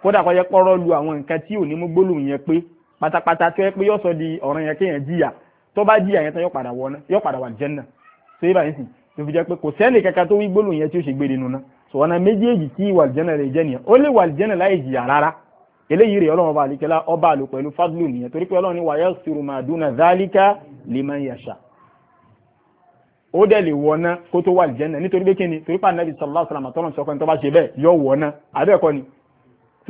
kódà kó jẹ́ pọ́rọ́ lu àwọn nǹkan tí ò ní mú gbólóhùn yẹn pé pátápátá tó yẹ pé yóò sọ di ọ̀ràn yẹn kéèyàn jìyà tó bá jìyà yẹn tán yóò padà wọná yóò padà wà jẹ́nà tó báyìí sìn tó fi jẹ́ pé kò sẹ́ni kankan tó wí gbólóhùn yẹn tí ó ṣe gbére nuna so ọ̀nà méjèèjì tí ìwà àlìjẹ́nà rẹ̀ jẹ́ nìyẹn ó lè wà àlìjẹ́nà láì jìyà rárá eléyìí rẹ̀ ọlọ́run ọba àlìkẹ́lá ọba àlò pẹ̀lú fadlu nìyẹn torí pé ọlọ́run ni wa yasiru ma duna dhalika liman yasha ó dẹ̀ lè wọ̀ná kó tó wà àlìjẹ́nà nítorí pé kíni torí pé anabi sallallahu alayhi wa sallam sọkọ ni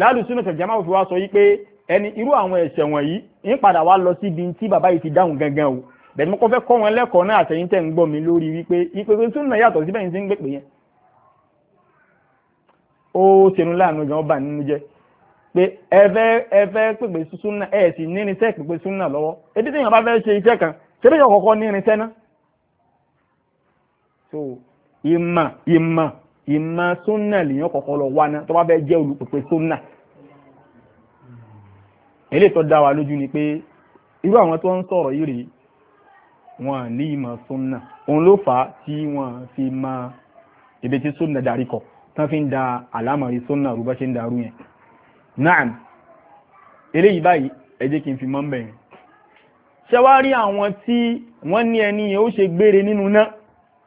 láàlùsùn náà sẹ̀jẹ̀ máa fi wá sọ yí pé ẹni irú àwọn ẹ̀ṣẹ̀ wọ̀nyí ń padà wá lọ síbi tí bàbá yìí ti dáhùn gangan o bẹ̀mí kọ́ fẹ́ kọ́ wọn lẹ́kọ̀ọ́ náà àtẹ̀yìn tẹ̀ ń gbọ́ mi lórí wípé ìpèpè súnà yàtọ̀ síbẹ̀ ní ti ń gbèpè yẹn ó ṣẹnu láàánú gan ọba nínú jẹ pé ẹ fẹ́ ẹ fẹ́ pèpè súnà ẹ sì ní irinṣẹ́ pèpè súnà lọ́wọ́ ebi tí èèyàn fẹ́ ṣe iṣẹ́ kan ṣé bí èèyàn kọ́kọ́ ní náà so ìmọ̀ ìmọ̀ ìmọ̀ súnà lèèyàn kọ́kọ́ lọ wá náà tó bá fẹ́ jẹ́ olùpèpè súnà eléyìí tó dá wa lójú ni pé irú àwọn tó ń sọ̀rọ̀ yìí rèé wọn ní ìmọ̀ súnà òun ló fà á tí wọn fi mọ ibi tí súnà darí kọ tán fi ń da àlámọ̀rí súnà rúbọ́ ṣe ń darú yẹn náà eléyìí báyìí ẹ jẹ́ kí n fi mọ́ ń bẹ̀yìn ṣe wá rí àwọn tí wọ́n ní ẹni yẹn ó ṣe gbére nínú náà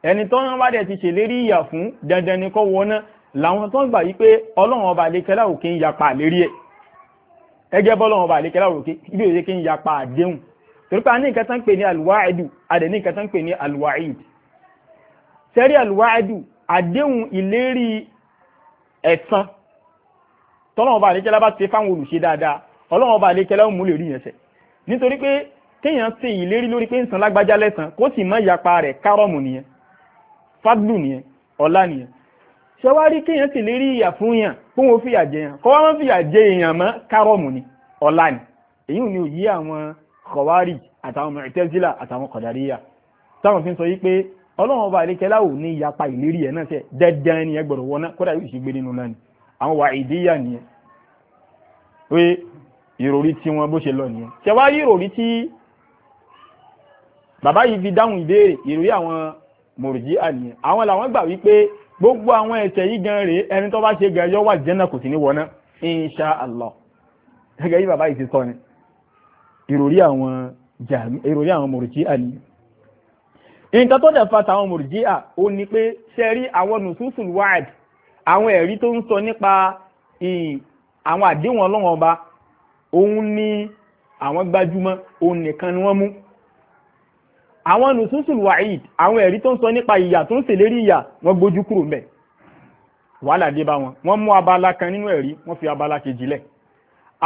ẹni tó ń wá dẹ̀ ti ṣèlérí ìyà fún dandan ni kó wọná làwọn tó ń gbà yí pé ọlọ́run ọba àlékẹ́lá òkè ń yapa àlérí ẹ̀ ẹgẹ́ bọ́lọ́run ọba àlékẹ́lá òkè ibi òye kí ń yapa àdéhùn torípa ní nǹkan tán pè ní alwáìdù adẹ̀ ní nǹkan tán pè ní alwáìd sẹ́rí alwáìdù àdéhùn ìlérí ẹ̀san tọ́lọ́wọ́n bá àlékẹ́lá bá ṣe fáwọn olùṣe dáadáa ọlọ́wọ́n bá àlékẹ́lá ó mú lè rí yẹn ṣẹ nítorí pé kéèyàn ṣe ìlérí lórí pé ń san lágbájá lẹ́san kó sì mọ ìyapa rẹ̀ kárọ̀mù nìyẹn fadlu nìyẹn ọlá nìyẹn ṣé wá rí kéèyàn sì lérí ìyà fún yàn kó wọn fìyà jẹ yàn kó wọn fìyà jẹ èèyàn mọ́ kárọ̀mù ni ọlá ni èyí ò ní òyí àwọn kọ̀wárì àtàwọn mẹ̀tẹ́sílà àtàwọn kọ̀dáríyà táwọn fi ń sọ yí pé ọlọ́run ọba àlékẹ́lá ò ní yapa ìlérí ẹ̀ náà sẹ́ dandan ẹni ẹ gbọ́dọ̀ wọná kódà yóò ṣe gbé nínú náà ni àwọn wà ìdíyà nìyẹn pé ìròrí tí wọn bó ṣe lọ nìyẹn ṣe wá rí ìròrí tí bàbá yìí fi dáhùn ìbéèrè ìròrí àwọn mòrìjì àníyàn àwọn làwọn gbà wípé gbogbo àwọn ẹ̀ṣẹ̀ yìí gan rèé ẹni tó bá ṣe gan yọ wà jẹ́nà kò sí ní wọná insha Allah gẹ́gẹ́ bí bàbá yìí ti sọ ni ìròrí àwọn jàmí ìròrí àwọn mùrùjíà ni nǹkan tó dẹ̀ fa tàwọn mùrùjíà ó ní pé ṣe rí àwọn nùsùsùl wáàd àwọn ẹ̀rí tó ń sọ nípa àwọn àdéhùn ọlọ́wọ́n òun ni àwọn gbajúmọ̀ òun nìkan ni wọ́n mú àwọn nùsùsùl wáàd àwọn ẹ̀rí tó ń sọ nípa ìyà tó ń ṣèlérí ìyà wọ́n gbójú kúrò mbẹ̀ wàhálà dé bá wọn wọ́n mú abala kan nínú ẹ̀rí wọ́n fi abala kejì lẹ̀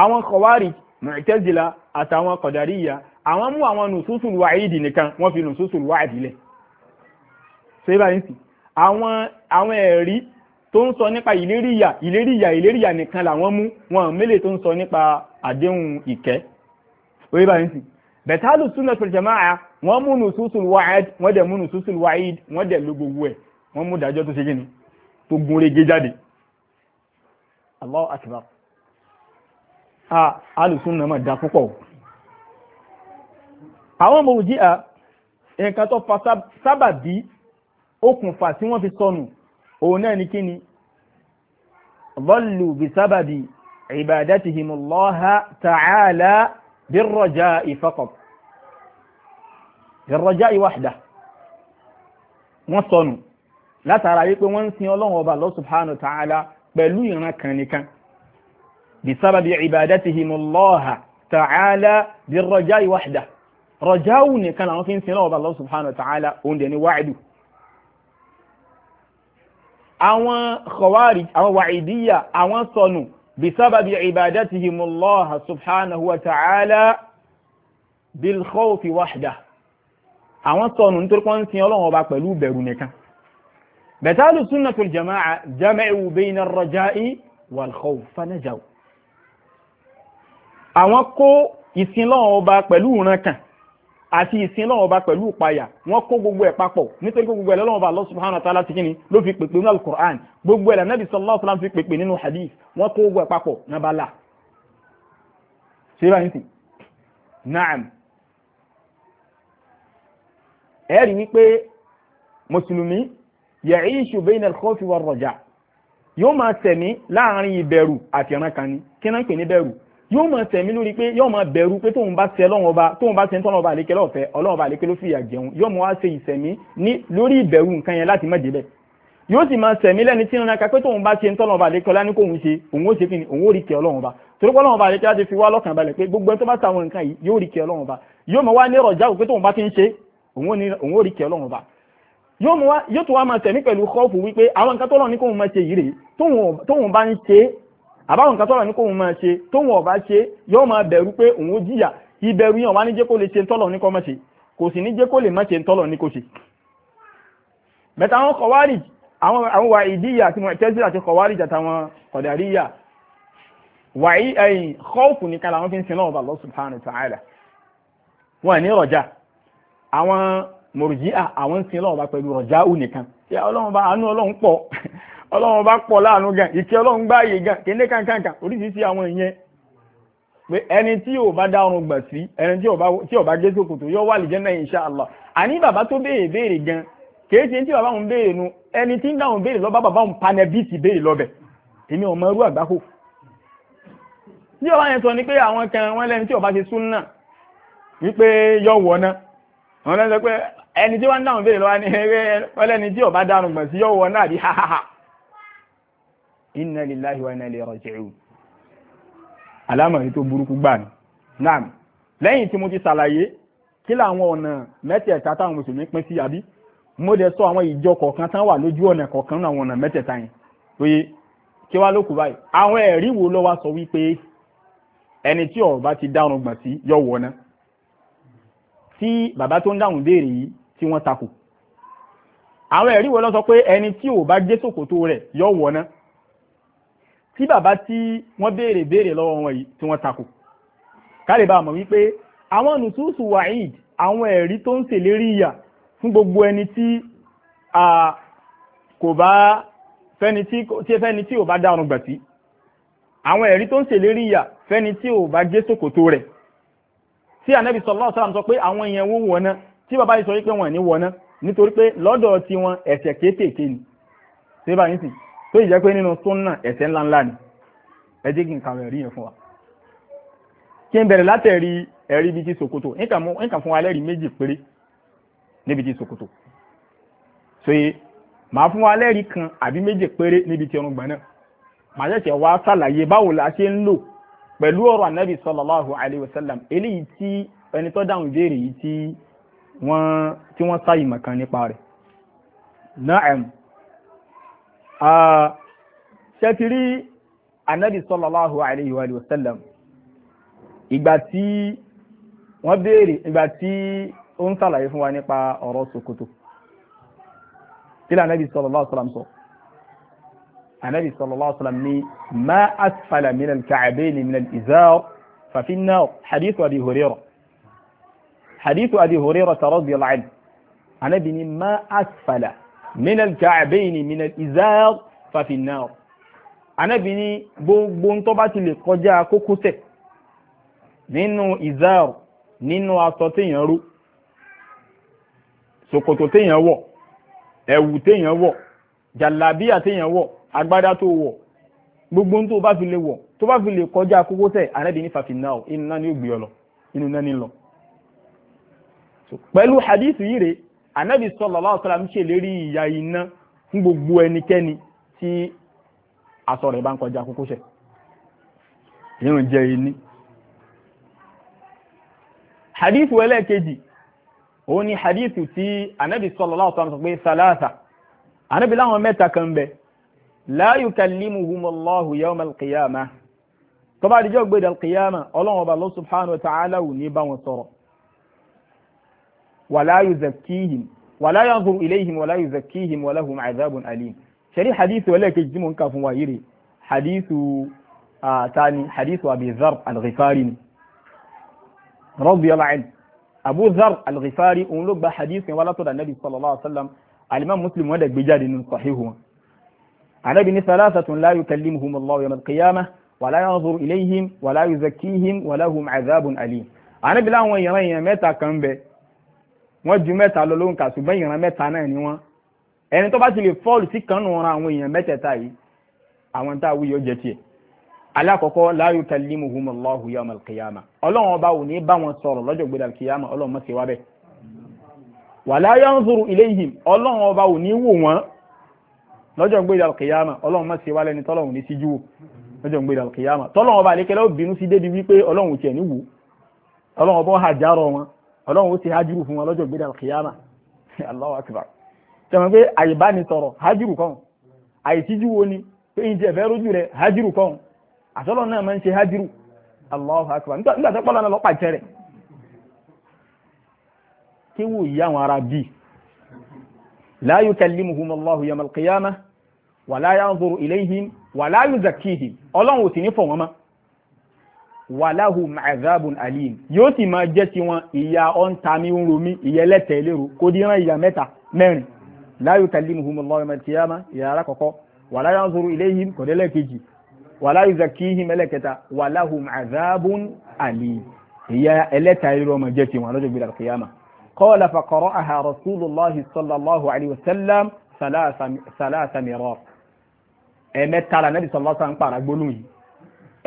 àwọn kọ̀wárì mọ̀tẹ́zìlá àtàwọn kọ̀dàríyà àwọn mú àwọn nùsùsùn wáìdì nìkan wọ́n fi nùsùsùn wáìdì lẹ̀ ṣé báyìí ń sìn àwọn àwọn ẹ̀rí tó ń sọ nípa ìléríyà ìléríyà ìléríyà nìkan làwọn mú wọn mélòó tó ń sọ nípa àdéhùn ìkẹ́ ṣé báyìí ń sìn bẹ̀tálù súnà tòlìjàmáà wọ́n mú nùsùsùn wáìd wọ́n dẹ̀ mú nùsùsùn wáìd wọ́n dẹ̀ ló gbogbo ẹ̀ wọ́n mú alùsùn náà mà dá púpọ̀ àwọn ọmọ òjì à nǹkan tó fa sábàbí okùnfà tí wọ́n fi sọnù òun náà ní kíni ظلوا بسبب عبادتهم الله تعالى بالرجاء فقط بالرجاء وحده wọ́n sọnù látara wípé wọ́n sin ọlọ́run ọba lọ بسبب عبادتهم الله تعالى بالرجاء وحده رجاون كان àwọn fi ń sin lọ́wọ́ Allah subhanahu wa ta'ala òun dẹ̀ ni wáìdù àwọn khawarij àwọn wàìdíyà àwọn sọnù bisababi ibadatihim Allah subhanahu wa ta'ala bil khawfi wahda àwọn sọnù nítorí wọ́n ń sin Ọlọ́run ọba pẹ̀lú bẹ̀rù nìkan bẹ̀tálù sunnatul jama'a jama'u bayna ar-raja'i wal khawf fanajaw àwọn kó ìsinlọ́wọ́ ọba pẹ̀lú ìrankàn àti ìsinlọ́wọ́ ọba pẹ̀lú ìpayà wọ́n kó gbogbo ẹ̀ papọ̀ nítorí pé gbogbo ẹ̀ lọ́wọ́ ọba Allah subhanahu wa ta'ala ti kíni ló fi pèpè nínú alukur'an gbogbo ẹ̀ lànàbì sallallahu alaihi wasallam fi pèpè nínú hadith wọ́n kó gbogbo ẹ̀ papọ̀ nàbàlà. ṣé bá yín sìn naam ẹ rí wípé mùsùlùmí ya'ishu bayna al-khawfi war-raja' yóò máa tẹ̀mí láàrin ìbẹ̀rù àti ìrankan ni kí náà ń pè ní bẹ̀rù yóò máa tẹ̀mí lórí pé yóò máa bẹ̀rù pé tóun bá ṣe Ọlọ́run Ọba tóun bá ṣe ń tọ́lọ́wọ́ bá àlékẹ́ lọ́fẹ́ Ọlọ́run Ọba àlékẹ́ ló fìyà jẹun yóò máa wá ṣe ìṣẹ̀mí ní lórí ìbẹ̀rù nǹkan yẹn láti má débẹ̀ yóò sì máa ṣẹ̀mí lẹ́ni tí ń ranka pé tóun bá ṣe ń tọ́lọ́wọ́ bá àlékẹ́ ọlá ní kóun ṣe òun ó ṣe kí ni òun ó rí kẹ́ Ọlọ́run Ọba torí pé Ọlọ́run Ọba àlékẹ́ láti fi wá lọ́kàn balẹ̀ pé gbogbo ẹni tó bá ta àwọn nǹkan yìí yóò rí kẹ́ Ọlọ́run Ọba yóò máa wá ní ọ̀rọ̀ jáwó pé tóun bá ti ń ṣe òun ó rí kẹ́ Ọlọ́run Ọba yóò tún wá máa tẹ̀mí pẹ̀lú kọ́ọ̀fù wípé àwọn nǹkan àbáwọn nǹkan tọ́lọ̀ ní kóun máa ṣe tóun ọ̀bá ṣe yóò máa bẹ̀rù pé òun ó jìyà ìbẹ̀rù yẹn wá ní jẹ́ kó lè ṣe tọ́lọ̀ ní kó má ṣe kò sì ní jẹ́ kó lè má ṣe tọ́lọ̀ ní kó ṣe. bẹ́tà àwọn kọ̀wárì àwọn wà ìdíyà àti tẹ́sí àti kọ̀wárì àtàwọn kọ̀dàríyà wàyí ẹ̀yìn kọ́ọ̀fù nìkan làwọn fi Allah subhanahu wa ta'ala wọn ní rọjà àwọn mùrùjíà àwọn ń sin náà pẹ̀lú rọjà ù nìkan ọlọ́run bá àánú ọlọ́run ọlọ́run bá pọ̀ láàánú gan ìkẹ́ ọlọ́run gbá ààyè gan kéde kankankan oríṣiríṣi àwọn ìyẹn pé ẹni tí ò bá dá ọrùn gbà sí ẹni tí ò bá gé sókòtò yóò wà lìjẹ́ náà insha Allah àní bàbá tó béèrè béèrè gan kèé ṣe tí bàbá òun béèrè nu ẹni tí ń dáhùn béèrè lọ́ba bàbá òun panẹ́bíìsì béèrè lọ́bẹ̀ èmi ọmọ irú àgbákò tí ọba yẹn sọ ni pé àwọn kan wọn lẹni tí ọba ṣe sún náà wípé yọ wọ náà àwọn lẹni sọ pé ẹni tí wọn dáhùn béèrè lọ́wọ́ ni wọn lẹni tí ọba dárùn gbọ̀n sí yọ wọ náà àbí hahaha inna lillahi wa inna ilayhi raji'un alámọ̀rí tó burúkú gbà ní náà lẹ́yìn tí mo ti ṣàlàyé kí làwọn ọ̀nà mẹ́tẹ̀ẹ̀ta táwọn mùsùlùmí pín sí àbí mo dẹ̀ sọ àwọn ìjọ kọ̀ọ̀kan tán wà lójú ọ̀nà kọ̀ọ̀kan náà ọ̀nà mẹ́tẹ̀ẹ̀ta yẹn lóye kí wá ló báyìí àwọn ẹ̀rí wo ló wá sọ wípé ẹni tí ó bá ti dárun gbọ̀n sí yọ wọ̀ tí bàbá tó ń dáhùn béèrè yìí tí wọ́n takò àwọn ẹ̀rí wo ló sọ pé ẹni tí ò bá dé sòkòtò rẹ̀ yọ wọ̀ tí bàbá tí wọ́n béèrè béèrè lọ́wọ́ wọn yìí tí wọ́n takò káàlè bá mọ̀ wípé àwọn nùtúùsù wa'id àwọn ẹ̀rí tó ń ṣèlérí ìyà fún gbogbo ẹni tí kò bá fẹ́ni tí tí fẹ́ni tí ò bá dárun gbà sí àwọn ẹ̀rí tó ń ṣèlérí ìyà fẹ́ni tí ò bá gé sòkòtò rẹ̀ tí ànábì sallallahu alaihi sọ pé àwọn èèyàn wo wọ̀nà tí bàbá yìí sọ wípé wọn ní wọ̀nà nítorí pé lọ́dọ̀ tiwọn ẹ̀ṣẹ̀ kéékèèké ni ṣé báyìí tó ìjẹ́ pé nínú súnà ẹ̀ṣẹ̀ ńláńlá ni ẹ jẹ́ kí n kàwé ẹ̀rí yẹn fún wa kí n bẹ̀rẹ̀ látẹ̀rí ẹ̀rí bíi ti Sokoto nǹkan fún wa lẹ́rìí méjì péré níbi ti Sokoto ṣòye màá fún wa lẹ́rìí kan àbí méjì péré níbi ti ọrùngbọ̀n náà màá ṣẹ̀ṣẹ̀ wá ṣàlàyé báwo la ṣe ń lò pẹ̀lú ọ̀rọ̀ ànábì sallallahu alayhi wa sallam eléyìí tí ẹni tó dáhùn ìbéèrè yìí tí wọ́n tí wọ́n sáyìmọ̀ kan nípa rẹ̀ náà ṣẹ́tìrí anabi sallallahu alayhi wa sallam ìgbà tí wọ́n béèrè ìgbà tí ó ń sàlàyé fún wa nípa ọ̀rọ̀ sokoto kí lè anabi sallallahu alayhi wa sallam sọ anabi sallallahu alayhi wa sallam ní ma asfala min al-ka'bayni min al-izar fa fi an-nar hadithu abi hurairah hadithu abi hurairah radiyallahu anhu anabi ní ma minal ka'bayni minal izar fafinnar anábì ní gbogbo tó bá ti lè kọjá kókósẹ̀ nínú izar nínú aṣọ téèyàn ró ṣòkòtò téèyàn wọ̀ ẹ̀wù téèyàn wọ̀ jàlábíà téèyàn wọ̀ agbádá tó wọ̀ gbogbo tó bá fi lè wọ̀ tó bá fi lè kọjá kókósẹ̀ anábì ní fafinnar inú náà ni ó gbé ọ lọ inú náà ni lọ pẹ̀lú hadith yìí rèé anabi sallallahu alaihi wasallam ṣèlérí ìyà iná fún gbogbo ẹnikẹ́ni tí aṣọ rẹ̀ bá ń kọjá kókósẹ̀ ìrìn jẹ́ iní hadith ẹlẹ́ẹ̀kejì òun ni hadith tí anabi sallallahu alaihi wasallam sọ pé salasa anabi láwọn mẹ́ta kan bẹ la yukallimuhumullahu yawmal qiyamah tó bá dijọ́ gbé dal qiyamah ọba lọ subhanahu wa ta'ala ní bá sọ̀rọ̀ wàlá yuzakkihim wàlá yanzuru ilayhim wàlá yuzakkihim wa lahum azabun alim ṣẹ̀rí hadithu ẹlẹ́ẹ̀kejì tí mo ń kà fún wa yìí rè hadithu tani hadithu abi zar al-ghifari ni radiyallahu anhu abu zar al-ghifari òun ló gba hadithu yẹn wá látọ̀dọ̀ anabi sallallahu alayhi wa sallam alimam muslim wọn dẹ̀ gbé jáde nínú sahihu wọn anabi ní salasatun la yukallimuhum allahu yawm al-qiyamah wàlá yanzuru ilayhim wàlá yuzakkihim wa lahum azabun alim anabi láwọn èèyàn èèyàn kan bẹ́ẹ̀ wọ́n ju mẹ́ta lọ lóhùn kà ṣùgbọ́n ìran mẹ́ta náà ni wọ́n ẹni tó bá ti lè fọ́ọ̀lù sí kan nù ran àwọn èèyàn mẹ́tẹ̀ẹ̀ta yìí àwọn tá a wúyọ jẹ tiẹ̀ alákọ̀ọ́kọ́ la yukallimuhumu Allahu yawma al-qiyama ọlọ́run ọba ò ní bá wọn sọ̀rọ̀ lọ́jọ́ gbé al-qiyama ọlọ́run mọ̀sẹ̀ wá bẹ́ẹ̀ wala yanzuru ilayhim ọlọ́run ọba ò ní wò wọ́n lọ́jọ́ gbé al-qiyama ọlọ́run mọ̀sẹ̀ wá lẹ́ni tọ́lọ́run ní síjú lọ́jọ́ gbé al-qiyama tọ́lọ́run ọba àlékẹ́lẹ́ ó sí débi wípé ọlọ́run tiẹ̀ ní wò ọlọ́run ọba hàjárọ̀ wọn ọlọ́run ó ṣe hajjúrù fún wọn lọ́jọ́ gbéra kìyàmà Allahu akbar tẹ̀wọ́n pé àìbánisọ̀rọ̀ hajjúrù kan àìsíjú wo ni pé ìjẹ́ ẹ̀fẹ́ rójú rẹ̀ hajjúrù kan àtọ́lọ́ náà máa ń ṣe hajjúrù Allahu akbar nígbà tó pọ́lọ́ náà lọ́pàá jẹ́ rẹ̀ kí wò yí àwọn ará bíi la yukallimuhum Allahu yawmal qiyamah wa la yanzuru ilayhim wa la yuzakkihim ọlọ́run ò sì ní fọ̀ wọn mọ́ wàláhù màgàbùn alim yóò sì máa jẹ́ sí wọn ìyá ọ̀ǹta mi ń romi ìyá ẹlẹ́tẹ̀ eléro kò di ran ìyá mẹ́ta mẹ́rin láyò tàlí mu humna lọ́wọ́ ẹ̀mẹ́tì yá ma ìyá ara kọ̀kọ́ wàlá yóò zoro ilé yìí kò délẹ̀ kejì wàlá yóò zàkí yìí mẹ́lẹ̀kẹta wàláhù màgàbùn alim ìyá ẹlẹ́tẹ̀ eléro ọmọ jẹ́ sí wọn lọ́jọ́ gbéra kìyàmà kọ́ọ̀lá fàkọ̀rọ̀ àhà rasulullahi sallallahu alayhi wa sallam salasa mirar ẹ̀mẹ́ta la nabi sallallahu alayhi wa sallam ń pàrà gbólóhùn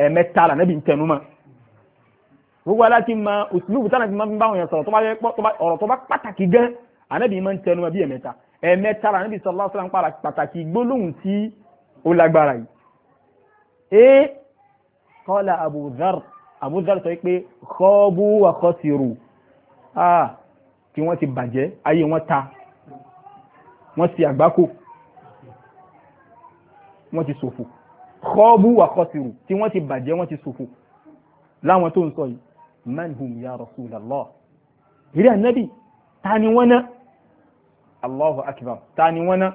ẹ̀mẹ́ta la nabi ń gbogbo aláti ma òsìlúùbù tánà fi máa ń bá wọn yẹn sọ̀rọ̀ ọ̀rọ̀ tó bá pàtàkì gan anábì máa ń tẹnu ẹbí ẹ̀mẹ́ta ẹ̀mẹ́ta rà anábì sallallahu alaihi wasallam pàtàkì gbólóhùn tí ó yìí. ẹ qala Abu Dharr Abu Dharr sọ pé khabu wa khasiru kí wọ́n ti bàjẹ́ ayé wọn ta wọ́n ti àgbákò wọ́n ti ṣòfò khabu wa khasiru tí wọ́n ti bàjẹ́ wọ́n ti ṣòfò láwọn tó ń sọ yìí man hum ya rasulallah ìrí ànábì ta ni wọ́n ná allahu akbar ta ni wọ́n ná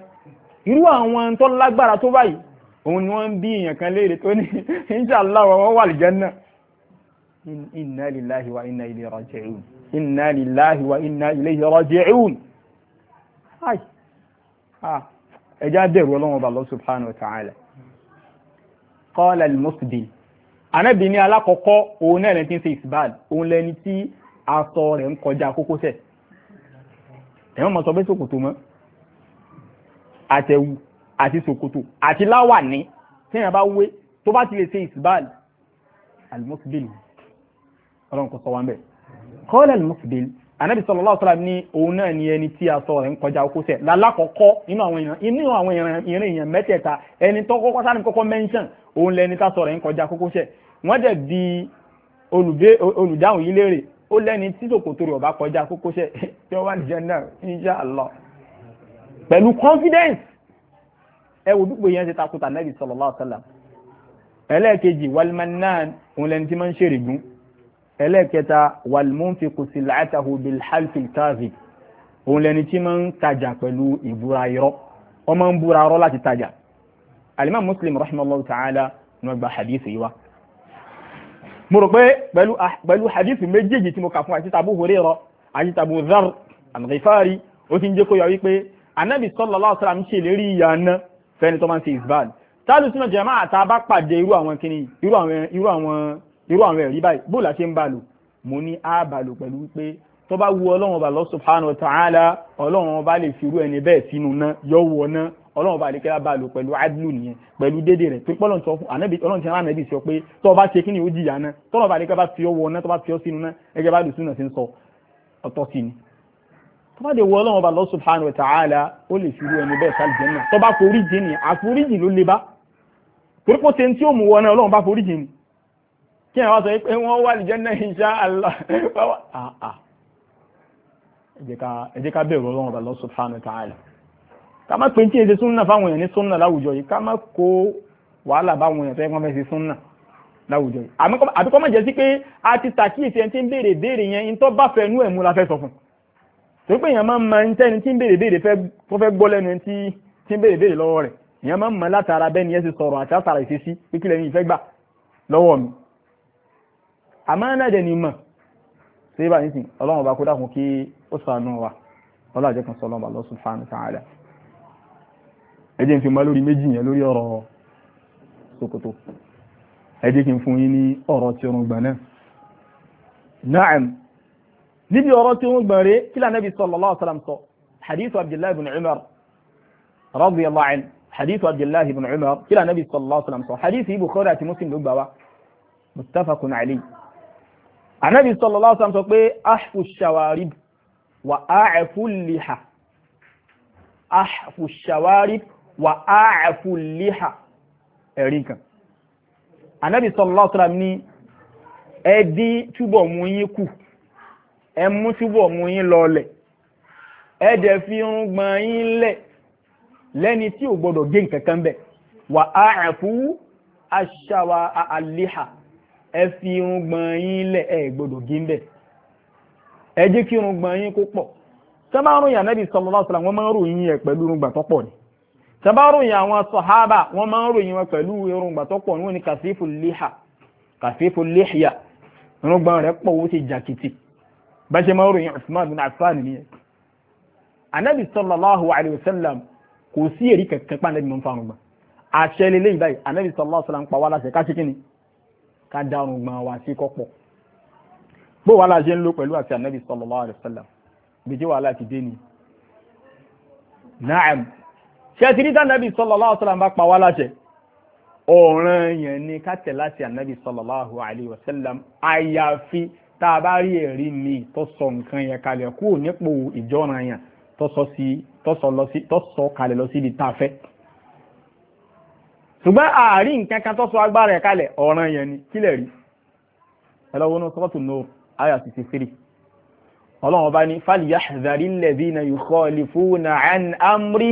irú àwọn tó lágbára tó báyìí òun ni wọ́n ń bí èèyàn kan léèrè tó ní inṣàlá wọn wà lìjánná inna lillahi wa inna ilayhi raji'un inna lillahi wa inna ilayhi raji'un ai ah ẹja dẹ̀rù ọlọ́run ọba lọ subhanahu wa ta'ala qala al-muqbil ànábì ní alákọ̀ọ́kọ́ òun náà lẹ́ni tí ń ṣe ìsìbáàlì òun lẹ́ni tí aṣọ rẹ̀ ń kọjá kókósẹ̀ ẹ̀wọ̀n mọ̀ sọ pé ṣòkòtò mọ́ àtẹ̀wù àti ṣòkòtò àti láwàní téèyàn bá wé tó bá ti lè ṣe ìsìbáàlì almusbil ọlọ́run kò sọ wa ń bẹ̀ kọ́lẹ̀ almusbil ànábì sallallahu alaihi wasallam ní òun náà ni ẹni tí aṣọ rẹ̀ ń kọjá kókósẹ̀ òun lẹni tá sọ̀rọ̀ yín kọjá kókósẹ̀ wọ́n dẹ̀ bi olùdáhùn yìí léèrè ó lẹ́ni tí ṣòkòtò rẹ̀ ọba kọjá kókósẹ̀ tí wọ́n wà ní jẹ́nà insha Allah pẹ̀lú confidence ẹ wo dúpọ̀ yẹn ti takuta nẹ́bí sallallahu alaihi wasallam ẹlẹ́ẹ̀kejì walmanan òun lẹni tí máa ń ṣèrègún ẹlẹ́ẹ̀kẹta walmunfiqu sil'atahu bilhalfi kadhib òun lẹni tí máa ń tajà pẹ̀lú máa ń búra alimam muslim rahimahullah ta'ala ni wọ́n gba hadith yìí wa mo rò pé ah, pẹ̀lú hadith méjèèjì tí mo kà fún àti tabu hurera àti tabu dhar al-ghifari ó ti ń jẹ́ kó yọ wípé anabi sallallahu alaihi wasallam ń ṣèlérí ìyà ná fẹ́ni tó máa ń ṣe isbad táàlù sínú jama'a tá a bá pàdé irú àwọn wu ọlọ́run ọba lọ subhanahu wa ta'ala ọlọ́run ọba lè fi irú ẹni bẹ́ẹ̀ sínú ná yọ wọ ọlọ́run bá àdékẹ́lá bá lò pẹ̀lú adlu nìyẹn pẹ̀lú dédé rẹ̀ pé pọ́lọ́n sọ fún ànábì ọlọ́run ti rán ànábì sọ pé tọ́ bá ṣe kí ni ó jìyà náà tọ́lọ́ bá àdékẹ́lá bá fi ọ wọ náà tọ́ bá fi ọ sínú náà ẹgẹ́ bá lùsùn náà ti ń sọ ọ̀tọ̀ sí ni. tọ́ bá dé wọ ọlọ́run bá Allah subhanahu wa ta'ala ó lè fi irú ẹni bẹ́ẹ̀ sá àlùjánnà tọ́ bá foríjì ni àforíjì ló le bá torí pé tí ó mú wọ náà ọlọ́run bá foríjì ni kí àwọn sọ pé wọ́n wà àlùjánnà insha Allah ẹ jẹ́ ká bẹ̀rù ọlọ́run bá Allah subhanahu wa ta'ala ká má pè ní tí èsì súnà fáwọn èèyàn ní súnà láwùjọ yìí ká má kó wàhálà báwọn èèyàn tó yẹ kó má súnà láwùjọ yìí àbí má jẹ́ sí pé a ti tàkíyèsí ẹni tí ń béèrè béèrè yẹn ń tó bá fẹ́ nú ẹ̀ la fẹ́ sọ fún torí pé èèyàn máa ń mọ ẹni tẹ́ni tí ń béèrè béèrè tó fẹ́ gbọ́ lẹ́nu ẹni tí ń béèrè béèrè lọ́wọ́ rẹ̀ èèyàn máa ń mọ látara bẹ́ni ẹ ti sọ̀rọ̀ àti látara ìṣesí pé kí lẹ́ni ìfẹ́ gbà lọ́wọ́ mi àmọ́ náà dẹ̀ ni mọ̀ ṣé bá nísìn ọlọ́run ọba kó dákun kí ó sànú wa ọlọ́run àjẹkùn sọ ọlọ́run ọba lọ́sùn fáánù sáà rẹ̀ ẹ jẹ́ n fi mọ́ lórí méjì yẹn lórí ọ̀rọ̀ ṣòkòtò ẹ jẹ́ kí n fún yín ní ọ̀rọ̀ tí orun gbọ̀n náà naam níbi ọ̀rọ̀ tí orun gbọ̀n rẹ̀ kí lànàbí sallallahu alaihi wasallam sọ hadith abdullahi ibn umar radiyallahu anhu hadith abdullahi ibn umar kí lànàbí sallallahu alaihi wasallam sọ hadith ibu kọ́ra àti muslim ló gbà wá muttafaqun alayhi anabi sallallahu alaihi wasallam sọ pé ahfu shawarib wà áàfù líhà ẹ̀rí kan anábì sallallahu alaihi wasallam ní ẹ dín túbọ̀ mú yín kù ẹ mú túbọ̀ mú yín lọlẹ̀ ẹ dẹ̀ fi irùngbọ̀n yín lẹ̀ lẹ́ni tí ò gbọ́dọ̀ gé nǹkan kan bẹ̀ wà áàfù aṣáwa àlíhà ẹ fi irùngbọ̀n yín lẹ̀ ẹ gbọ́dọ̀ gé ń bẹ̀ ẹ jẹ́ kí irùngbọ̀n yín kó pọ̀ tẹ́ bá ń ròyìn anábì sallallahu wọ́n máa ń ròyìn ẹ̀ pẹ̀lú irùngbọ̀n tó ni tabaroyin àwọn sọ̀hábà wọ́n máa ń ròyìn wọn pẹ̀lú irùngbà tó pọ̀ níwọ̀n ni kàfífù líhà kàfífù líhìyà irùngbọ̀n rẹ̀ pọ̀ ó ti jàkìtì bá ṣe máa ń ròyìn Usman bin Affan nìyẹn anabi sallallahu alayhi wa sallam kò sí èrí kankan pa anabi mọ́ fa irùngbọ̀n àṣẹ lélẹ́ ìbáyìí anabi sallallahu alayhi wa sallam pa wá láṣẹ ká ṣe kí ni ká dá irùngbọ̀n wá sí kọ́pọ̀ bó wàhálà ṣe ń lò pẹ̀lú anabi sallallahu alayhi wa sallam gbèjẹ́ wàhálà ti dé naam ṣẹ́tìrí tánàbí sallallahu alaihi wasallam bá pa wá láṣẹ ọ̀ràn yẹn ni ká tẹ̀ láti ànábì sallallahu alaihi wasallam àyàfi tá a bá rí ẹ̀rí mi tó sọ nǹkan yẹn kalẹ̀ kúrò nípò ìjọ́ràn yẹn tó sọ kalẹ̀ lọ sí ibi tá a fẹ́ ṣùgbọ́n ààrí nǹkan kan tó sọ agbára ẹ̀ rí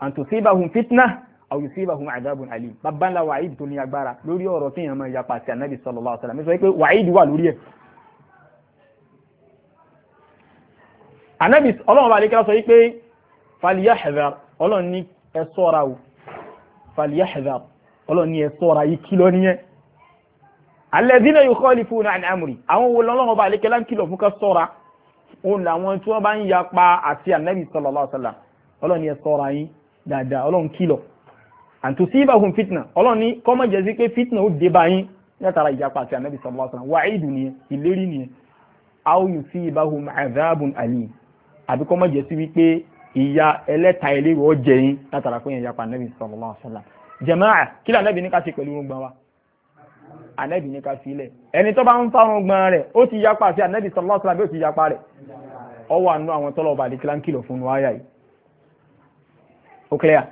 an tusibahum fitna aw yusibahum adabun alim bàbá ńlá wàhíd tó ní agbára lórí ọ̀rọ̀ tí èèyàn máa yapa àti anabi sallallahu alaihi wasallam sọ pé wàhíd wà lórí ẹ̀. anabi ọlọ́run bá lè kíra sọ pé falyahdhar ọlọ́run ní ẹ sọ́ra o falyahdhar ọlọ́run ní ẹ sọ́ra yìí kí lọ nìyẹn. alladhina yukhalifuna an amri àwọn wo lọ́lọ́run bá lè kíra ń kìlọ̀ fún ká sọ́ra òun làwọn tí wọ́n bá ń yapa àti anabi sallallahu alaihi wasallam ọlọ́run ní ẹ sọ́ra yìí dáadáa ọlọ́run kìlọ̀ àǹtò sí ìbáhùn fitna ọlọ́run ní kọ́mọ̀ jẹ́ sí pé fitna ó dé báyìí látara ìjàpá àti ànábì sallallahu alaihi wasallam wàhídù nìyẹn ìlérí nìyẹn aw yusibahum azabun ali. àbí kọ́mọ̀ jẹ́ sí wípé ìyà ẹlẹ́ta ìlérò ó jẹ yín látara pé yẹn ìjàpá ànábì sallallahu alaihi wasallam jàmáà kí lànàbì ní ká ṣe pẹ̀lú irùngbọ̀n wa ànábì ní ká filẹ̀ ẹni tó bá ń fa irùngbọ̀n rẹ̀ ó ti yapa àti ànábì sallallahu alaihi wasallam bí ó ti yapa rẹ̀ ọwọ́ àánú àwọn tọ́lọ̀ ọba àdìkílá ń kìlọ̀ fún un wáyà yìí ó clear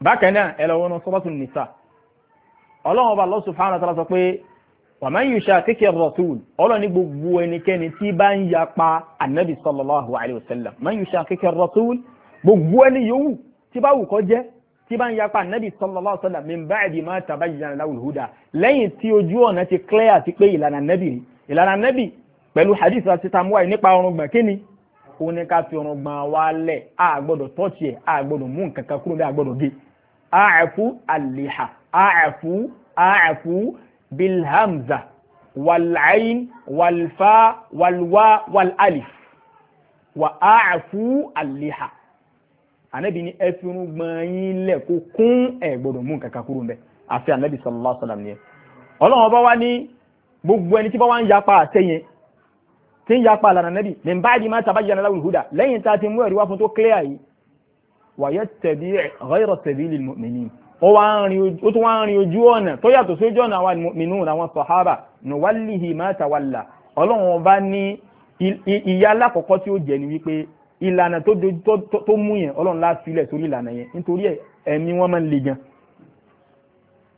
bákan náà ẹ lọ wọnú sọ́bọ́tù nìsa ọlọ́run ọba Allah subhanahu wa ta'ala sọ pé wa man yushaqiqi ar-rasul ọlọ́run ní gbogbo ẹnikẹ́ni tí bá ń yapa anabi sallallahu alayhi wa sallam man yushaqiqi ar-rasul gbogbo ẹni yòówù tí bá wù kó jẹ́ tí bá ń yapa anabi sallallahu alayhi wa sallam min ba'di ma tabayyana lahu al-huda lẹ́yìn tí ojú ọ̀nà ti clear àti pé ìlànà anabi ìlànà anabi pẹ̀lú hadith àti tamuwa nípa ọrùn gbọ̀n ó ní ká fi ọrùn gbọ̀n wá lẹ̀ a gbọ́dọ̀ tọ́ọ̀tì ẹ̀ a gbọ́dọ̀ mú nǹkan kan kúrò bí a gbọ́dọ̀ gé àẹ̀fú àlìhà àẹ̀fú àẹ̀fú bilhamza wàlàyín wàlfà wàlwà wàlálif wà àẹ̀fú àlìhà ànábì ní ẹ fi ọrùn gbọ̀n yín lẹ̀ kó kún ẹ̀ gbọ́dọ̀ mú kúrò bẹ́ẹ̀ àfi tí ń yapa àlànà nẹ́bì min ba'di ma tabayyana lahul huda lẹ́yìn tá a ti mú ẹ̀rí wá fún tó clear yìí wa yattabi' ghayra sabilil mu'minin ó tún wá ń rin ojú ọ̀nà tó yàtọ̀ sí ojú ọ̀nà àwọn mu'minun àwọn sọ̀hábà nuwallihi ma tawalla ọlọ́run ọba ní ìyà alákọ̀ọ́kọ́ tí ó jẹ́ ni wípé ìlànà tó mú yẹn ọlọ́run lá filẹ̀ sórí ìlànà yẹn nítorí ẹ̀mí wọn máa ń le gan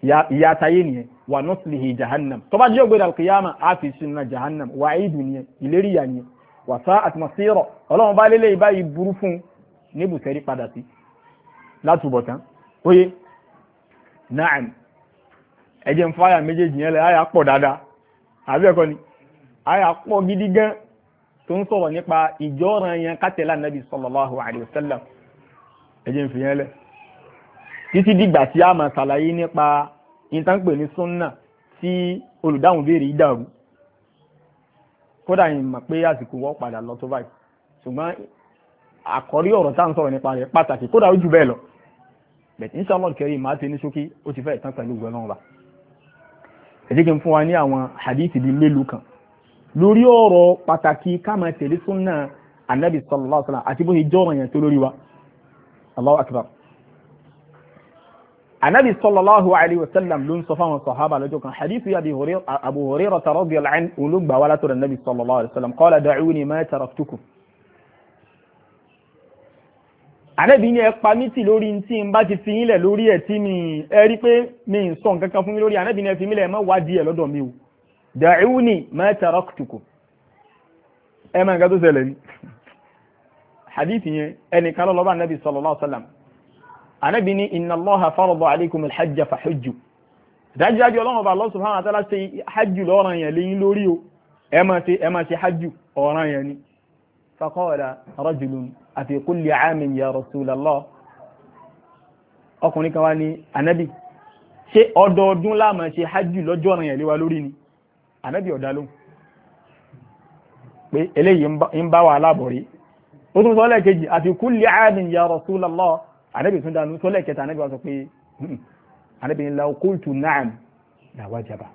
ìyà àtayé nìyẹn wa nuslihi jahannam tó bá jẹ́ ògbé alkiyama a fi sin na jahannam wa aidu ni ìlérí yà ni wa sa'at masira ọlọ́run bá lélẹ̀ báyìí burú fún níbùsẹ̀rí padà sí látúbọ̀tán oye na'am ẹjẹ ń fáyà méjèèjì yẹn lẹ àyà pọ̀ dáadáa àbí ẹ̀kọ́ ni àyà pọ̀ gidi gan tó ń sọ̀rọ̀ nípa ìjọ́ran yẹn kátẹ́lá nàbì sallallahu alaihi wasallam ẹjẹ ń fi yẹn lẹ títí dìgbà tí a máa ṣàlàyé nípa ìtànpè ní súnnà tí olùdáhùn béèrè ìdàrú kódà yìí mọ̀ pé àsìkò wọ́n padà lọ tó báyìí ṣùgbọ́n àkọ́rí ọ̀rọ̀ tá à ń sọ̀rọ̀ nípa rẹ̀ pàtàkì kódà ó jù bẹ́ẹ̀ lọ bẹ̀tí ní sọ́lọ́ọ̀dù kẹrin ìmọ̀ àti ní ṣókí ó ti fẹ́ ìtàn pẹ̀lú ìgbẹ́ lọ́wọ́ ẹ jẹ́ kí n fún wa ní àwọn hadith bíi mélòó kan lórí ọ̀rọ̀ pàtàkì ká máa tẹ̀lé súnnà anabi sallallahu alaihi wasallam àti bó ṣe jọ́ ọ̀ràn yẹn tó lórí wa Allahu akbar anabi sallallahu alayhi wa sallam ló ń sọ fáwọn sahaba lọ́jọ́ kan hadithu abi abu hurairah radiyallahu anhu olùgbà wa látọ̀dọ̀ anabi sallallahu alayhi wa sallam qala da'uni ma taraktukum. anabi ni ẹ pa mí tì lórí tí n bá ti fi yín lẹ̀ lórí ẹ̀ tí mi ẹ rí pé mi ń sọ nǹkan kan fún mi lórí anabi ni ẹ fi mí lẹ̀ ẹ má wádìí ẹ lọ́dọ̀ mi o da'uni ma taraktukum. ẹ máa ń ga tó ṣẹlẹ̀ rí yẹn ẹnìkan lọ́lọ́ bá anabi sallallahu alayhi wa sallam anábì ní inna Allaha farada alaykum al-hajja fahujju dájúdájú ọlọ́run ọba Allah subhanahu wa ta'ala ṣe hajju lọ́ràn yẹn léyìn lórí o ẹ máa ṣe ẹ máa ṣe hajju ọ̀ràn yẹn ni faqala rajulun afi kulli aamin ya rasulallah ọkùnrin kan wá ní anábì ṣé ọdọọdún la máa ṣe hajju lọ́jọ́ ọ̀ràn yẹn léwa lórí ni anábì ọ̀dá lóhùn pé eléyìí ń bá wà láàbọ̀ rí ó tún afi kulli aamin ya rasulallah ànábì tún dánú tó lẹ́ẹ̀kẹta ànábì wa sọ pé hmm, ànábì ni law qultu na'am la wajaba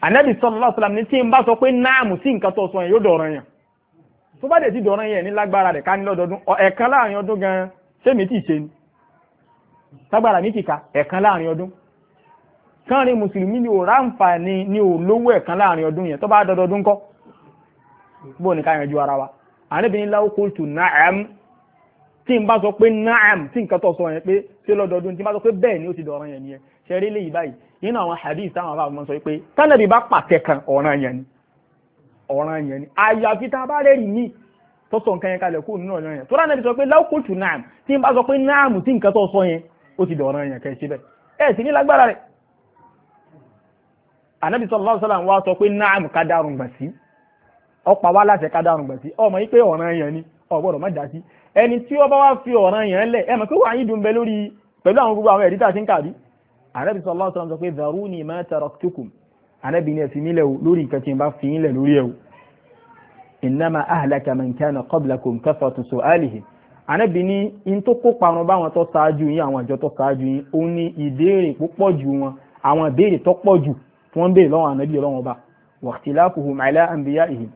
ànábì sallallahu alaihi wasallam ní tí n bá sọ pé na'am sí nǹkan tó sọ yẹn yóò dọ̀rọ̀ yẹn tó bá dẹ̀ ti dọ̀rọ̀ yẹn ní lágbára rẹ̀ ká ní lọ́dọọdún ẹ̀ẹ̀kan láàrin ọdún gan sẹ́mi tí ì ṣe ni tágbára mi ti ka ẹ̀ẹ̀kan láàrin ọdún kánrin mùsùlùmí ni ò ráǹfààní ni ò lówó ẹ̀ẹ̀kan láàrin ọdún yẹn tó bá dọdọọdún kọ́ bó ní ká yanjú ara wa ànábì ni qultu na'am tí n bá sọ pé naam tí nǹkan tó sọ yẹn pé ṣé lọ́dọọdún tí n bá sọ pé bẹ́ẹ̀ ni ó ti dọ̀ràn yẹn nìyẹn ṣe rí léyìí báyìí nínú àwọn hadith táwọn afáàfin máa sọ pé tánàbí bá pàtẹ kan ọ̀ràn yẹn ni ọ̀ràn yẹn ni àyàfi tá a bá rẹ́rì mí tó sọ nǹkan yẹn kalẹ̀ kó nínú ọ̀ràn yẹn tó rà nàbí sọ pé láwùkútù naam tí n bá sọ pé naam tí nǹkan tó sọ yẹn ó ti dọ̀ràn yẹn kẹ́ ṣe bẹ́ẹ̀ ẹ̀ ní lágbára rẹ̀ ànábì sọ pé naam kádàrún gbà ẹni tí ó bá wá fi ọ̀ràn yẹn lẹ̀ ẹ mọ̀ pé wàá yín dùn bẹ lórí pẹ̀lú àwọn gbogbo àwọn ẹ̀rí tá a ti ń kàrí ànábì sallallahu alaihi wasallam sọ pé dharuni ma ni ẹ̀sìn nílẹ̀ lórí nǹkan tí n bá fi yín lẹ̀ lórí ẹ̀ o innama ahlaka man kana qablakum kathratu ń béèrè lọ́wọ́ ànábì ọlọ́wọ́n ọba wa ikhtilafuhum ala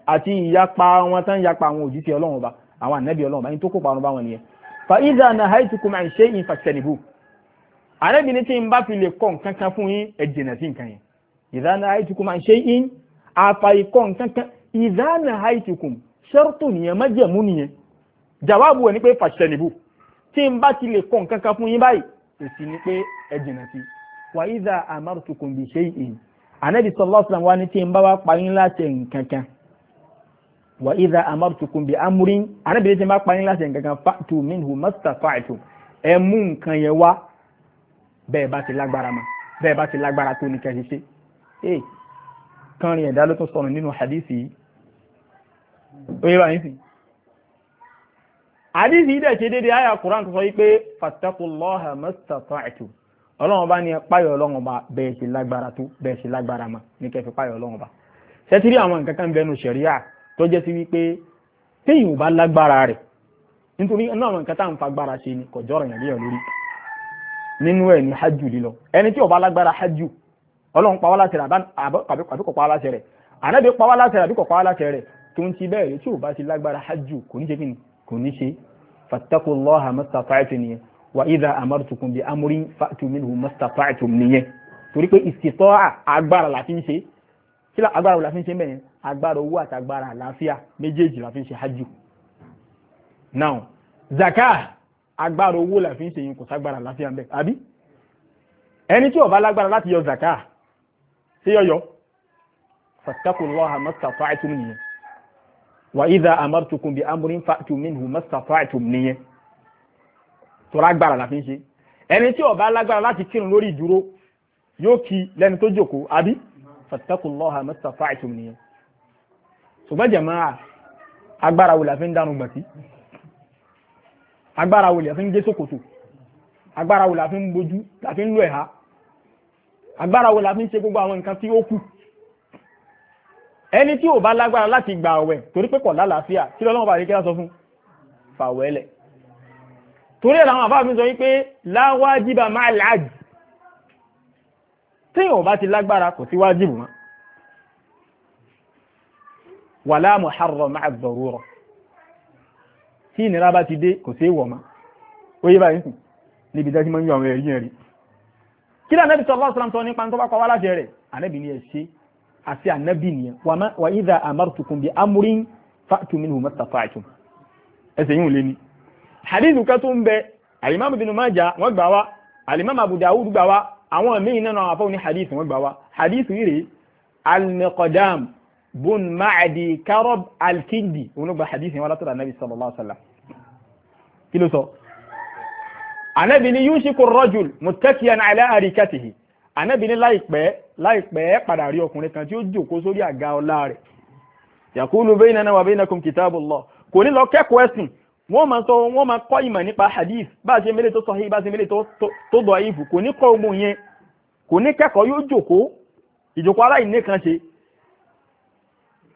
àti ìyapa wọn tán yapa àwọn òjíṣẹ́ ọlọ́wọ́n ọba àwọn ànábì ọlọ́run báyìí tó kó parun báwọn nìyẹn fa iza nahaytukum an shay'in fajtanibuhu ànábì ní tí n bá fi lè kọ́ nǹkan kan fún yín ẹ jìnà sí nǹkan yẹn iza nahaytukum an shay'in àfàìkọ́ nǹkan kan iza nahaytukum ṣẹ́rùtù nìyẹn májẹ̀mú nìyẹn jàwáàbù ẹ̀ ní pé fajtanibuhu tí n bá ti lè kọ́ nǹkan kan fún yín báyìí èsì ni pé ẹ jìnà sí wa iza amartukum bi shay'in wa idha amartukum bi amrin arábìnrin ti máa pa yín láti nǹkan fa'tu minhu mastata'tum ẹ mú nǹkan yẹn wá bẹ́ẹ̀ bá ti lágbára mọ́ bẹ́ẹ̀ bá ti lágbára tó ní kẹ́sì ṣe é eh, kánrin ẹ̀dá ló tún sọnù nínú hadisi yìí ó yẹ báyìí sìn hadisi yìí dẹ̀ ṣe déédéé àyà Qur'an tó sọ yìí pé fattaqullaha mastata'tum ọlọ́run bá ní ẹ páyọ̀ ọlọ́run bá bẹ́ẹ̀ ṣe lágbára tó bẹ́ẹ̀ ṣe lágbára mọ́ ní kẹ́fì páyọ̀ ọlọ́run bá ṣẹ́tírí àwọn nǹkan kan bẹ́ẹ̀ nù ṣẹ̀ríà tó jẹ́ sí wípé téyìn ò bá lágbára rẹ̀ nítorí náà àwọn nǹkan tá à ń fagbára ṣe ni kọjọ́ ọ̀rọ̀ ìyàlẹ́yàn lórí nínú ẹ̀ ní hajj lílọ ẹni tí ò bá lágbára hajj ọlọ́run pa wá láṣẹ rẹ̀ àbí kò pa wá láṣẹ rẹ̀ ànábì pa wá láṣẹ rẹ̀ àbí kò pa wá láṣẹ rẹ̀ tó ń ti bẹ́ẹ̀ tí ò ti lágbára hajj kò ní ṣe kí ni kò ní ṣe fattaqullaha mastata'tum nìyẹn wa idha amartukum bi amrin fa'tu minhu mastata'tum nìyẹn torí pé istita'a agbára owó àtàgbára àlàáfíà méjèèjì la fi ń ṣe hajj now zaka agbára owó la fi ń ṣe yín kò ságbára àlàáfíà ń bẹ àbí ẹni tí ó bá lágbára láti yọ zaka sí yọyọ fattaqullaha mastata'tum nìyẹn wa idha amartukum bi amrin fa'tu minhu mastata'tum nìyẹn tọ́ra agbára la fi ń ṣe ẹni tí ó bá lágbára láti kírun lórí ìdúró yóò kí lẹ́ni tó jókòó àbí fattaqullaha mastata'tum nìyẹn ṣùgbọ́n jàmáà agbára wo la fi ń dánu gbàtí agbára wo la fi ń gé sòkòtò agbára wo la fi ń bojú la fi ń lo ẹ̀há agbára wo la fi ń ṣe gbogbo àwọn nǹkan tí ó kù ẹni tí ò bá lágbára láti gba àwẹ̀ torí pé kò lálàáfíà kí lọ́lọ́wọ́ bá rí kí wọ́n sọ fún fàwẹ́lẹ̀ torí ẹ̀rọ àwọn àbáfin sọ wípé láwájíbà máa láàjì tí ò bá ti lágbára kò sí wájìbù mọ́ wala muharram ma'a ad-darura tí ìnira bá ti dé kò sí ìwọ̀ ma ó yé báyìí sìn níbi dájú mọ́ ń yọ àwọn ẹ̀rí ẹ̀rí kí lóò anábì sallallahu alaihi wasallam tó nípa tó bá kọ wá láṣẹ rẹ̀ anábì ni ẹ ṣe àti anábì nìyẹn wa idha amartukum bi amrin fa'tu minhu mastata'tum ẹsẹ̀ yìí ò lé àwọn míì nínú àwọn ní hadith wọ́n gbà hadith yìí rèé al-miqdam bun maadi karob alkindi òun ló gba hadith yẹn wá látọ̀dọ̀ anabi sallallahu alaihi wa sallam kí ló sọ. anabi ni yushiku rajul muttakiyan ala arikatihi anabi ni láìpẹ́ láìpẹ́ padà rí ọkùnrin kan tí ó jòkó sórí àga ọlá rẹ̀ yakulu baynana wa baynakum kitabullah kò ní lọ kẹ́kọ̀ọ́ ẹ̀sìn wọ́n máa sọ wọ́n máa kọ́ ìmọ̀ nípa hadith bá a ṣe mélòó tó sahih bá a ṣe mélòó tó dọ̀ ìfù kò ní kọ́ ogun yẹn kò ní kẹ́kọ̀ọ́ yóò jòkó ìjòkó aláìní kan ṣe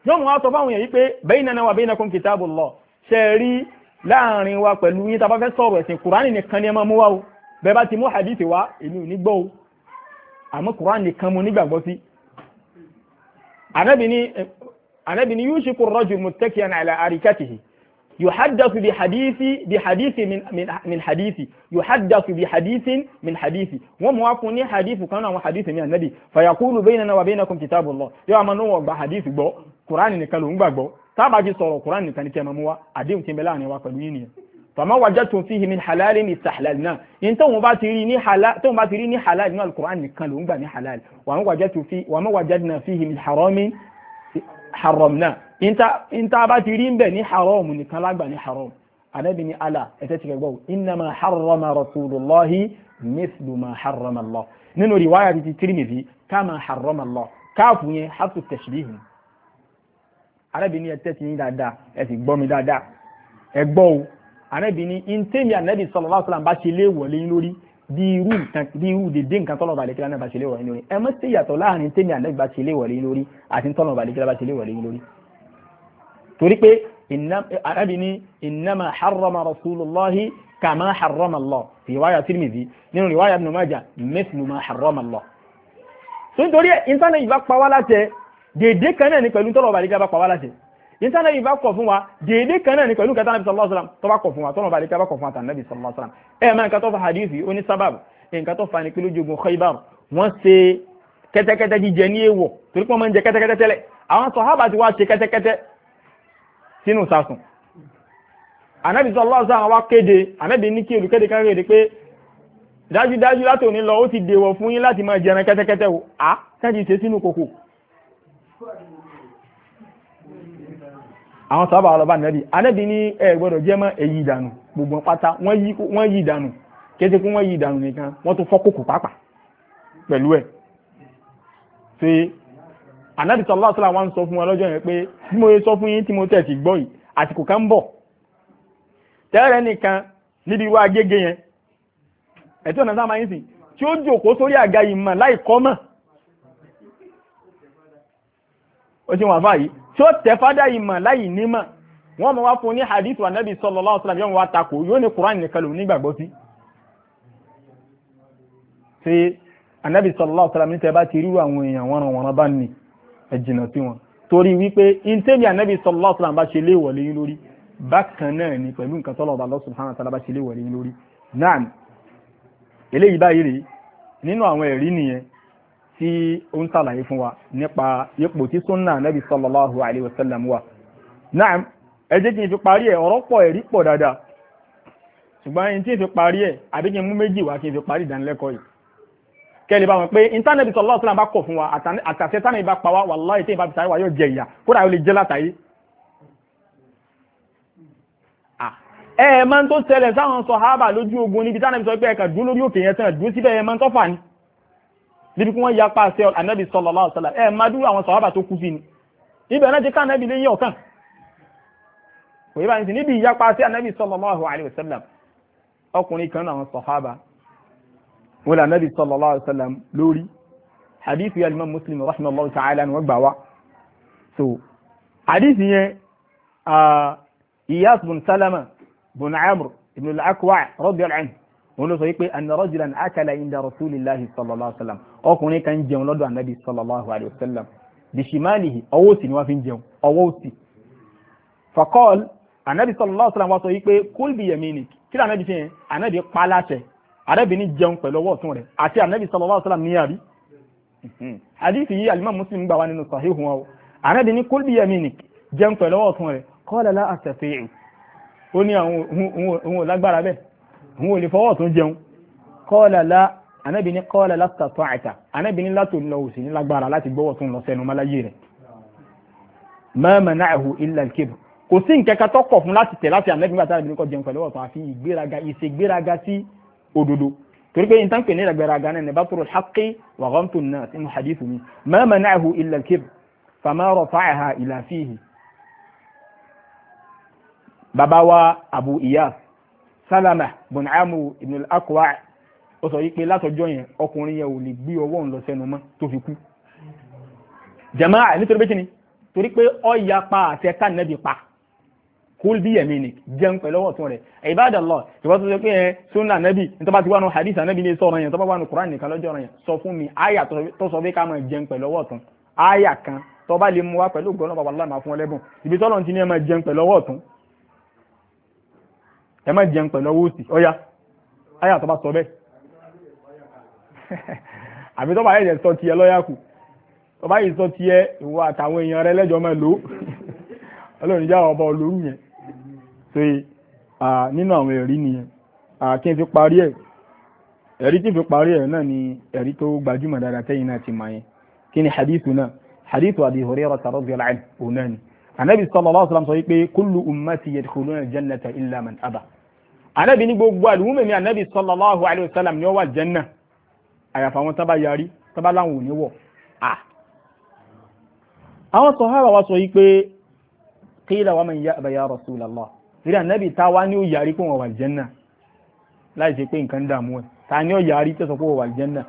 yóò mú wa sọ fáwọn èèyàn yìí pé baynana wa baynakum kitabullah ṣe rí láàrin wa pẹ̀lú yín tàbá fẹ́ sọ̀rọ̀ ẹ̀sìn kùránì nìkan ni ẹ máa mú wa o bẹ́ẹ̀ bá ti mú hadith wa èmi ò ní gbọ́ o àmọ́ kùránì nìkan mo nígbàgbọ́ sí. ànábì ni yushiku ar-rajulu muttaki'an ala arikatihi yuhaddathu bi hadithi bi hadithi min hadithi yuhaddathu bi wọ́n mú wa kún ní hadith kan náà àwọn hadith mi ànábì fa yaqulu baynana wa baynakum kitabullah yóò àmọ́ níwọ̀n gba hadith gbọ́ kùránì nìkan ló ń gbàgbọ́ tábà fi sọ̀rọ̀ kùránì nìkan ní kẹmọ̀ mú wa àdéhùn tí ń bẹ láàrin wa pẹ̀lú yìí nìyẹn fàmọ́ wàjá tó ń fi himin halali ní sàhlali náà yìí tóun bá ti rí ní halali náà kùránì nìkan ló ń gbà ní halali wàmọ́ wàjá tó fi himin harami haram náà yìí tá bá ti rí ń bẹ̀ ní haram nìkan lágbà ní haram anabi ni ala ẹ̀tẹ́ ti gbọ́ innama harrama rasulullahi mithlu ma harrama allah nínú riwaya ti tirmidhi kama harrama allah káàfù yẹn hasu tashbihu arábìnrin ẹ tẹ́tí yín dáadáa ẹ sì gbọ́ mi dáadáa ẹ gbọ́ o arábìnrin intemi anabi sọlọ láwọn sọlọ bá ṣe léèwọ̀ lẹ́yìn lórí bí irú nǹkan bí irú dédé nǹkan tọ́lọ̀ bàlẹ̀ kíláà náà bá ṣe léèwọ̀ lẹ́yìn lórí ẹ mọ̀ sí ìyàtọ̀ láàrin intemi anabi bá ṣe léèwọ̀ lẹ́yìn lórí àti tọ́lọ̀ bàlẹ̀ kíláà bá ṣe léèwọ̀ lẹ́yìn lórí. torí pé arábìnrin innama harrama rasulullahi kama dèédé kan náà ni pẹ̀lú tọ́lọ̀ ọba àdíkà bá pàwá láṣẹ ìtànàbí bá kọ̀ fún wa dèédé kan náà ni pẹ̀lú kẹta nàbí sallallahu alaihi wasallam tó bá kọ̀ fún wa tọ́lọ̀ ọba àdíkà bá kọ̀ fún àtànàbí sallallahu alaihi wasallam ẹ máa nǹkan tó fa hadithi ó ní sábàb nǹkan tó fa ni pé lójú ogun Khaybar wọ́n ṣe kẹ́tẹ́kẹ́tẹ́ jíjẹ ní èèwọ̀ torí pé wọ́n máa ń jẹ kẹ́tẹ́kẹ́tẹ́ tẹ́lẹ̀ àwọn sọ̀hábà ti wá ṣe kẹ́tẹ́kẹ́tẹ́ sínú sasùn ànábì sallallahu alaihi wasallam wá kéde ànábì ní kí olùkéde kan rèé pé dájúdájú látòní lọ ó ti dèwọ̀ fún yín láti máa jẹran kẹ́tẹ́kẹ́tẹ́ o à sáàjì ṣe sínú kòkò àwọn sábà ọlọ́ba nẹ́bí anẹ́bí ní ẹ gbọ́dọ̀ jẹ́ mọ́ èyí ìdànù gbogbo pátá wọ́n yí ìdànù kété kún wọ́n yí ìdànù nìkan wọ́n tún fọ́kòkò pápá pẹ̀lú ẹ̀ ṣe anẹ́bí sọ lọ́sọ́ làwọn sọ fún wọn lọ́jọ́ yẹn pé bí mo sọ fún yín tí mo tẹ̀ sí gbọ́ yìí àsìkò kan ń bọ̀ tẹ́rẹ̀ nìkan níbi wá gẹ́gẹ́ yẹn ẹ̀tọ́ ọ̀nà sáà máa ń sìn tí ó jòkó sórí àga yìí mọ̀ láì ó ti wọn báyìí tí ó tẹ fádà ìmọ̀ láì nímọ̀ wọ́n mọ̀ wá fún ní hadith wa nabi sallallahu alaihi wasallam yóò wá takò yóò ní Qur'an nìkan lòun nígbàgbọ́ sí. ṣé anabi sallallahu alaihi wasallam ní tẹ bá ti ríru àwọn èèyàn wọ́n ràn wọ́n bá ní ẹ jìnnà sí wọn torí wípé intẹ́bi anabi sallallahu alaihi wasallam bá ṣe léèwọ̀lé yín lórí bákan náà ni pẹ̀lú nǹkan tọ́lọ̀ ọba Allah subhanahu wa ta'ala bá ṣe léèwọ̀lé yín lórí náà eléyìí báyìí rèé nínú àwọn ẹ̀rí nìyẹn tí ó ń sàlàyé fún wa nípa ipò tí súnà nẹ́bí sallallahu alayhi wa sallam wa náà ẹ jẹ́ kí n fi parí ẹ̀ ọ̀rọ̀ pọ̀ ẹ̀rí pọ̀ dáadáa ṣùgbọ́n ẹni tí n fi parí ẹ̀ àbí kí n mú méjì wá kí n fi parí ìdánilẹ́kọ̀ọ́ yìí kẹ́lẹ̀ bá wọn pé intanẹ́bí sallallahu alayhi wa sallam bá kọ̀ fún wa àtàṣẹ tánà ìbá pa wá wallahi tí ìbá fi níbi kí wọ́n ya pa àṣẹ ànábì sallallahu alaihi wasallam ẹ̀ máa dúró àwọn sàhábà tó kú sí ni ibẹ̀ náà ti ká ànábì lé yín ọ̀kan kò yíba nítorí níbi ìyapa àṣẹ ànábì sallallahu alaihi wasallam ọkùnrin kan náà àwọn sàhábà wọ́n lè ànábì sallallahu alaihi wasallam lórí hadithi yàrá imam muslim rahimahullah ta'ala ni wọ́n gbà wá so hadithi yẹn ah, iyas bun salama bun amr ibn al-akwa òun ló sọ wípé anarajulan akala inda rasulillahi sallallahu alayhi wa sallam ọkùnrin kan jẹun lọ́dọ̀ anabi sallallahu alayhi wa sallam bishimalihi ọwọ́ òsì ni wọ́n fi ń jẹun ọwọ́ òsì. fakọ́l anabi sallallahu alayhi wa sallam wá sọ wípé kúl bi kí ni anabi fi yẹn anabi pa anabi ní jẹun pẹ̀lú ọwọ́ ọ̀tún rẹ̀ àti anabi sallallahu alayhi wa sallam ní àbí. Hmm. hadith yìí alimami muslim gbà wá nínú sahihu wọn o anabi ní kúl bi jẹun pẹ̀lú ọwọ́ ọ̀tún rẹ̀ kọ́lá lá àṣẹ fèèrè ó ní àwọn òun ò lágbára bẹ́ẹ̀ òun ò lè fọwọ́ tún jẹun kọ́ọ̀lá lá anábì ní kọ́ọ̀lá látàtọ̀ àìta anábì ní látò lọ òsì ní lágbára láti gbọ́wọ́ tún lọ sẹ́nu máláyé rẹ̀ ma mana'ahu illa al-kibr kò sí nǹkan kan tó kọ̀ fún láti tẹ̀ láti anábì nígbà tábìlì kọ́ jẹun pẹ̀lú ọ̀tún àfi ìgbéraga ìṣègbéraga sí Abu Iyas Salama, bùnàmù ibn al-akwa ó sọ yí pé látọjọ́ yẹn ọkùnrin yẹn ò lè gbé ọwọ́ ń sẹ́nu mọ́ tó fi kú jamaa nítorí pé kíni torí pé ọ̀ya pa àṣẹ kánẹ́bì pa kúl bí yẹ̀mí ni jẹun pẹ̀lú ọwọ́ tún rẹ̀ ibadallah ìwọ tó sọ pé eh, sunna nẹ́bì nítorí tí wọ́n nu hadith nẹ́bì ní sọ̀rọ̀ yẹn tó bá wà nu Qur'an nìkan lọ́jọ́ rẹ̀ sọ fún mi àyà tó sọ pé ká máa jẹun pẹ̀lú ọwọ́ tún àyà kan tó bá lè mú wa pẹ̀lú gbọ́nà bàbá aláàmà fún ọlẹ́bùn ibi tọ́lọ́ ti ní ẹ máa jẹun pẹ̀lú ọwọ́ tún ẹ má jẹun pẹ̀lú ọwọ́ òsì ọ̀yá ayà tó bá sọ bẹ́ẹ̀ àbí tó bá yẹ̀ sọ tiẹ̀ lọ́yà kù tó bá yìí sọ tiẹ̀ ìwọ àtàwọn èèyàn rẹ lẹ́jọ́ máa lò ó ọlọ́run já ọba olórú yẹn so nínú àwọn ẹ̀rí nìyẹn kí n fi parí ẹ̀ ẹ̀rí tí n fi parí ẹ̀ náà ni ẹ̀rí tó gbajúmọ̀ dáadáa tẹ́yìn náà ti máa yẹn kí ni hadithu náà hadithu Abi Hurairah radhiyallahu anhu òun ni anabi sallallahu alaihi sọ wípé kullu ummati yadkhuluna al-jannata illa man aba anábì ní gbogbo àlùmọ̀ mi anábì sallallahu alayhi wa sallam ni ó wà jẹ́nà àyàfà wọn tábà yarí tábà láwọn ò ní wọ̀ à. àwọn sọ̀hábà wa sọ yìí pé qila wa man ya'ba ya rasulallah rí anábì táwa ní ó yarí pé wọn wà jẹ́nà láì ṣe pé nǹkan dààmú ẹ̀ ta ni ó yarí tẹ́sọ̀ pé wọn wà jẹ́nà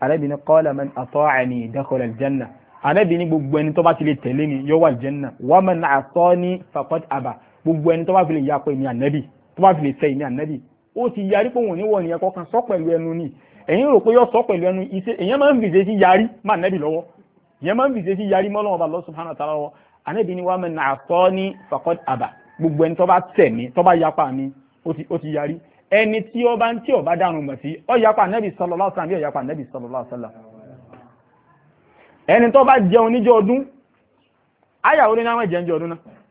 anábì ní qala man ata'ani dakhala al-janna tó bá fi lè tẹ ìní ànábì ó ti yarí pé òun níwọ̀ nìyẹn kọkàn sọ pẹ̀lú ẹnu ni ẹ̀yin rò pé yọ sọ pẹ̀lú ẹnu iṣẹ́ èyàn máa ń fìṣe sí yarí má ànábì lọ́wọ́ èyàn máa ń fìṣe sí yarí mọ́lọ́wọ́ bá Allah subhanahu wa ta'ala lọ́wọ́ ànábì ni wàá mẹ́ nà àtọ́ ní faqad àbà gbogbo ẹni tó bá tẹ̀ mí tó bá yapa mi ó ti yarí ẹni tí ó bá ń tí ò bá dànù mọ̀ sí ó yapa ànábì sallallahu alaihi bí ó yapa ànábì sallallahu alaihi wasallam ẹni tó bá jẹun níjọ́ ọdún ayàwó ní náà wọ́n jẹun níjọ́ ọdún náà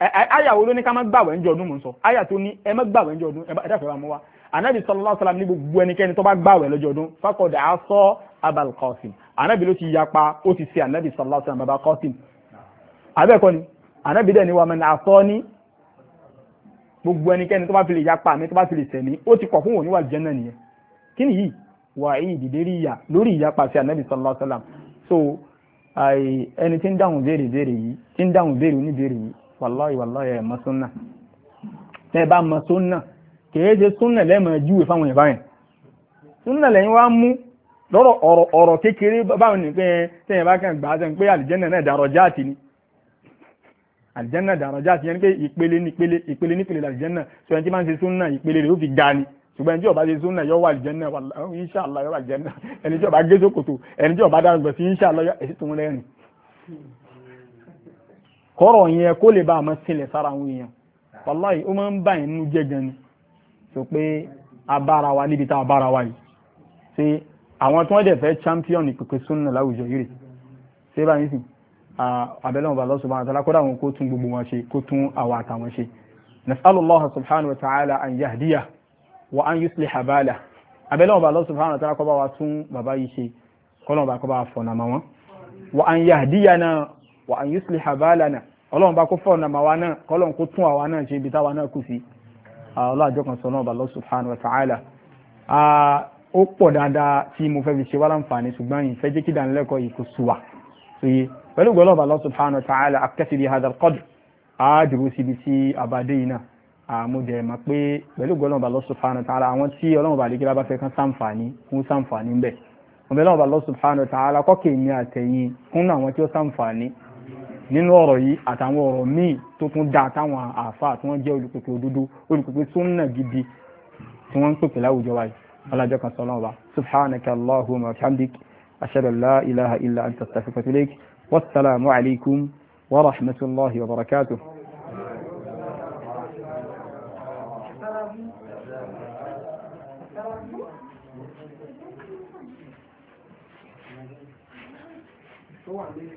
àyà wo ló ní ká má gbàwẹ̀ ń jọ ọdún mò ń sọ àyà tó ní ẹ má gbàwẹ̀ ń jọ ọdún ẹ dàfẹ́ wa mú wa anabi sallallahu alaihi wasallam ní gbogbo ẹnikẹ́ni tó bá gbàwẹ̀ lọ́jọ́ ọdún fakọ̀dà á sọ abal qasim anabi ló ti yapa ó ti ṣe anabi sallallahu alaihi wasallam baba qasim abẹ́ẹ̀kọ́ ni anabi dẹ̀ ni wa man asani gbogbo ẹnikẹ́ni tó bá fi lè yapa mi tó bá fi lè sẹ̀mí ó ti kọ̀ fún wọn níwà jẹ́nà nìyẹn kí ni yìí wà á ìdìdé rí ìyà lórí ìyapa sí anabi sallallahu alaihi wasallam so ẹni tí ń dáhùn béèrè béèrè yìí tí ń dáhùn béèrè oníbéèrè yìí wàláì wàláì ẹ̀ mọ súnà tẹ́ ẹ bá mọ súnà kìí ṣe súnà lẹ́mọ̀ júwe fáwọn ìbá yẹn súnà lẹ́yìn wá mú lọ́rọ̀ ọ̀rọ̀ ọ̀rọ̀ kékeré báwọn nìkan yẹn tẹ́yìn bá kàn gbà á sẹ́yìn pé àlìjẹ́nà náà dàrọ̀ jáàtì ni àlìjẹ́nà dàrọ̀ jáàtì yẹn ni pé ìpele nípele ìpele nípele làlìjẹ́nà sọ ẹni tí máa ń ṣe súnà ìpele rẹ̀ ó fi ga ni ṣùgbọ́n tí ó bá ṣe súnà yọ wà àlìjẹ́nà inṣàlá yọ ẹni tí ó bá ẹni tí ó bá kọ́rọ̀ yẹn kó lè bá àmọ́ sílẹ̀ sára àwọn èèyàn wàláyé ó máa ń bá ìnú jẹ́ gan ni sọ pé abára wa níbi tá a bára wa yìí ṣe àwọn tí wọ́n dẹ̀ fẹ́ champion ìpèpè súnà láwùjọ yìí rè ṣé báyìí sìn abẹ́lẹ́ ọba lọ́sùn báyìí kódà wọn kó tún gbogbo wọn ṣe kó tún àwa àtàwọn ṣe nasalullah subhanahu wa ta'ala an yahdiya wa an yusliha bala abẹ́lẹ́ ọba lọ́sùn báyìí tọ́lá kọ́ bá wa tún bàbá yìí ṣe kọ́lọ́ bá kọ́ bá fọ̀nà wa an na wà á yusliha balana ọlọ́run bá kó fọ́ọ̀nù àmà wa náà kọ́lọ́run kó tún àwa náà ṣe ibi táwa náà kù sí ọlọ́àjọ kan sọ náà bá Allah subhanahu wa ta'ala ó pọ̀ dáadáa tí mo fẹ́ fi ṣe wá láǹfààní ṣùgbọ́n ìfẹ́ jẹ́ kí ìdánilẹ́kọ̀ọ́ yìí kò sùwà sóye pẹ̀lú gbọ́dọ̀ bá Allah subhanahu wa ta'ala akẹ́sìdì hadal qadr àádùrú síbi tí àbádé yìí náà àmúdẹ̀ mọ̀ pé pẹ̀lú gbọ́dọ̀ bá Allah subhanahu wa àwọn tí ọlọ́run nínú ọ̀rọ̀ yìí àtàwọn ọ̀rọ̀ míì tó tún dá táwọn àfa tí wọ́n jẹ́ olùkòkò òdodo olùpèpè sunna gidi tí wọ́n ń pèpè láwùjọ wáyé ọlájọ́ kan sọ́lá ọba subhanaka allahumma wa bihamdik ashhadu an la ilaha illa anta astaghfiruka wa atubu ilayk wassalamu alaykum wa rahmatullahi wa barakatuh Go on,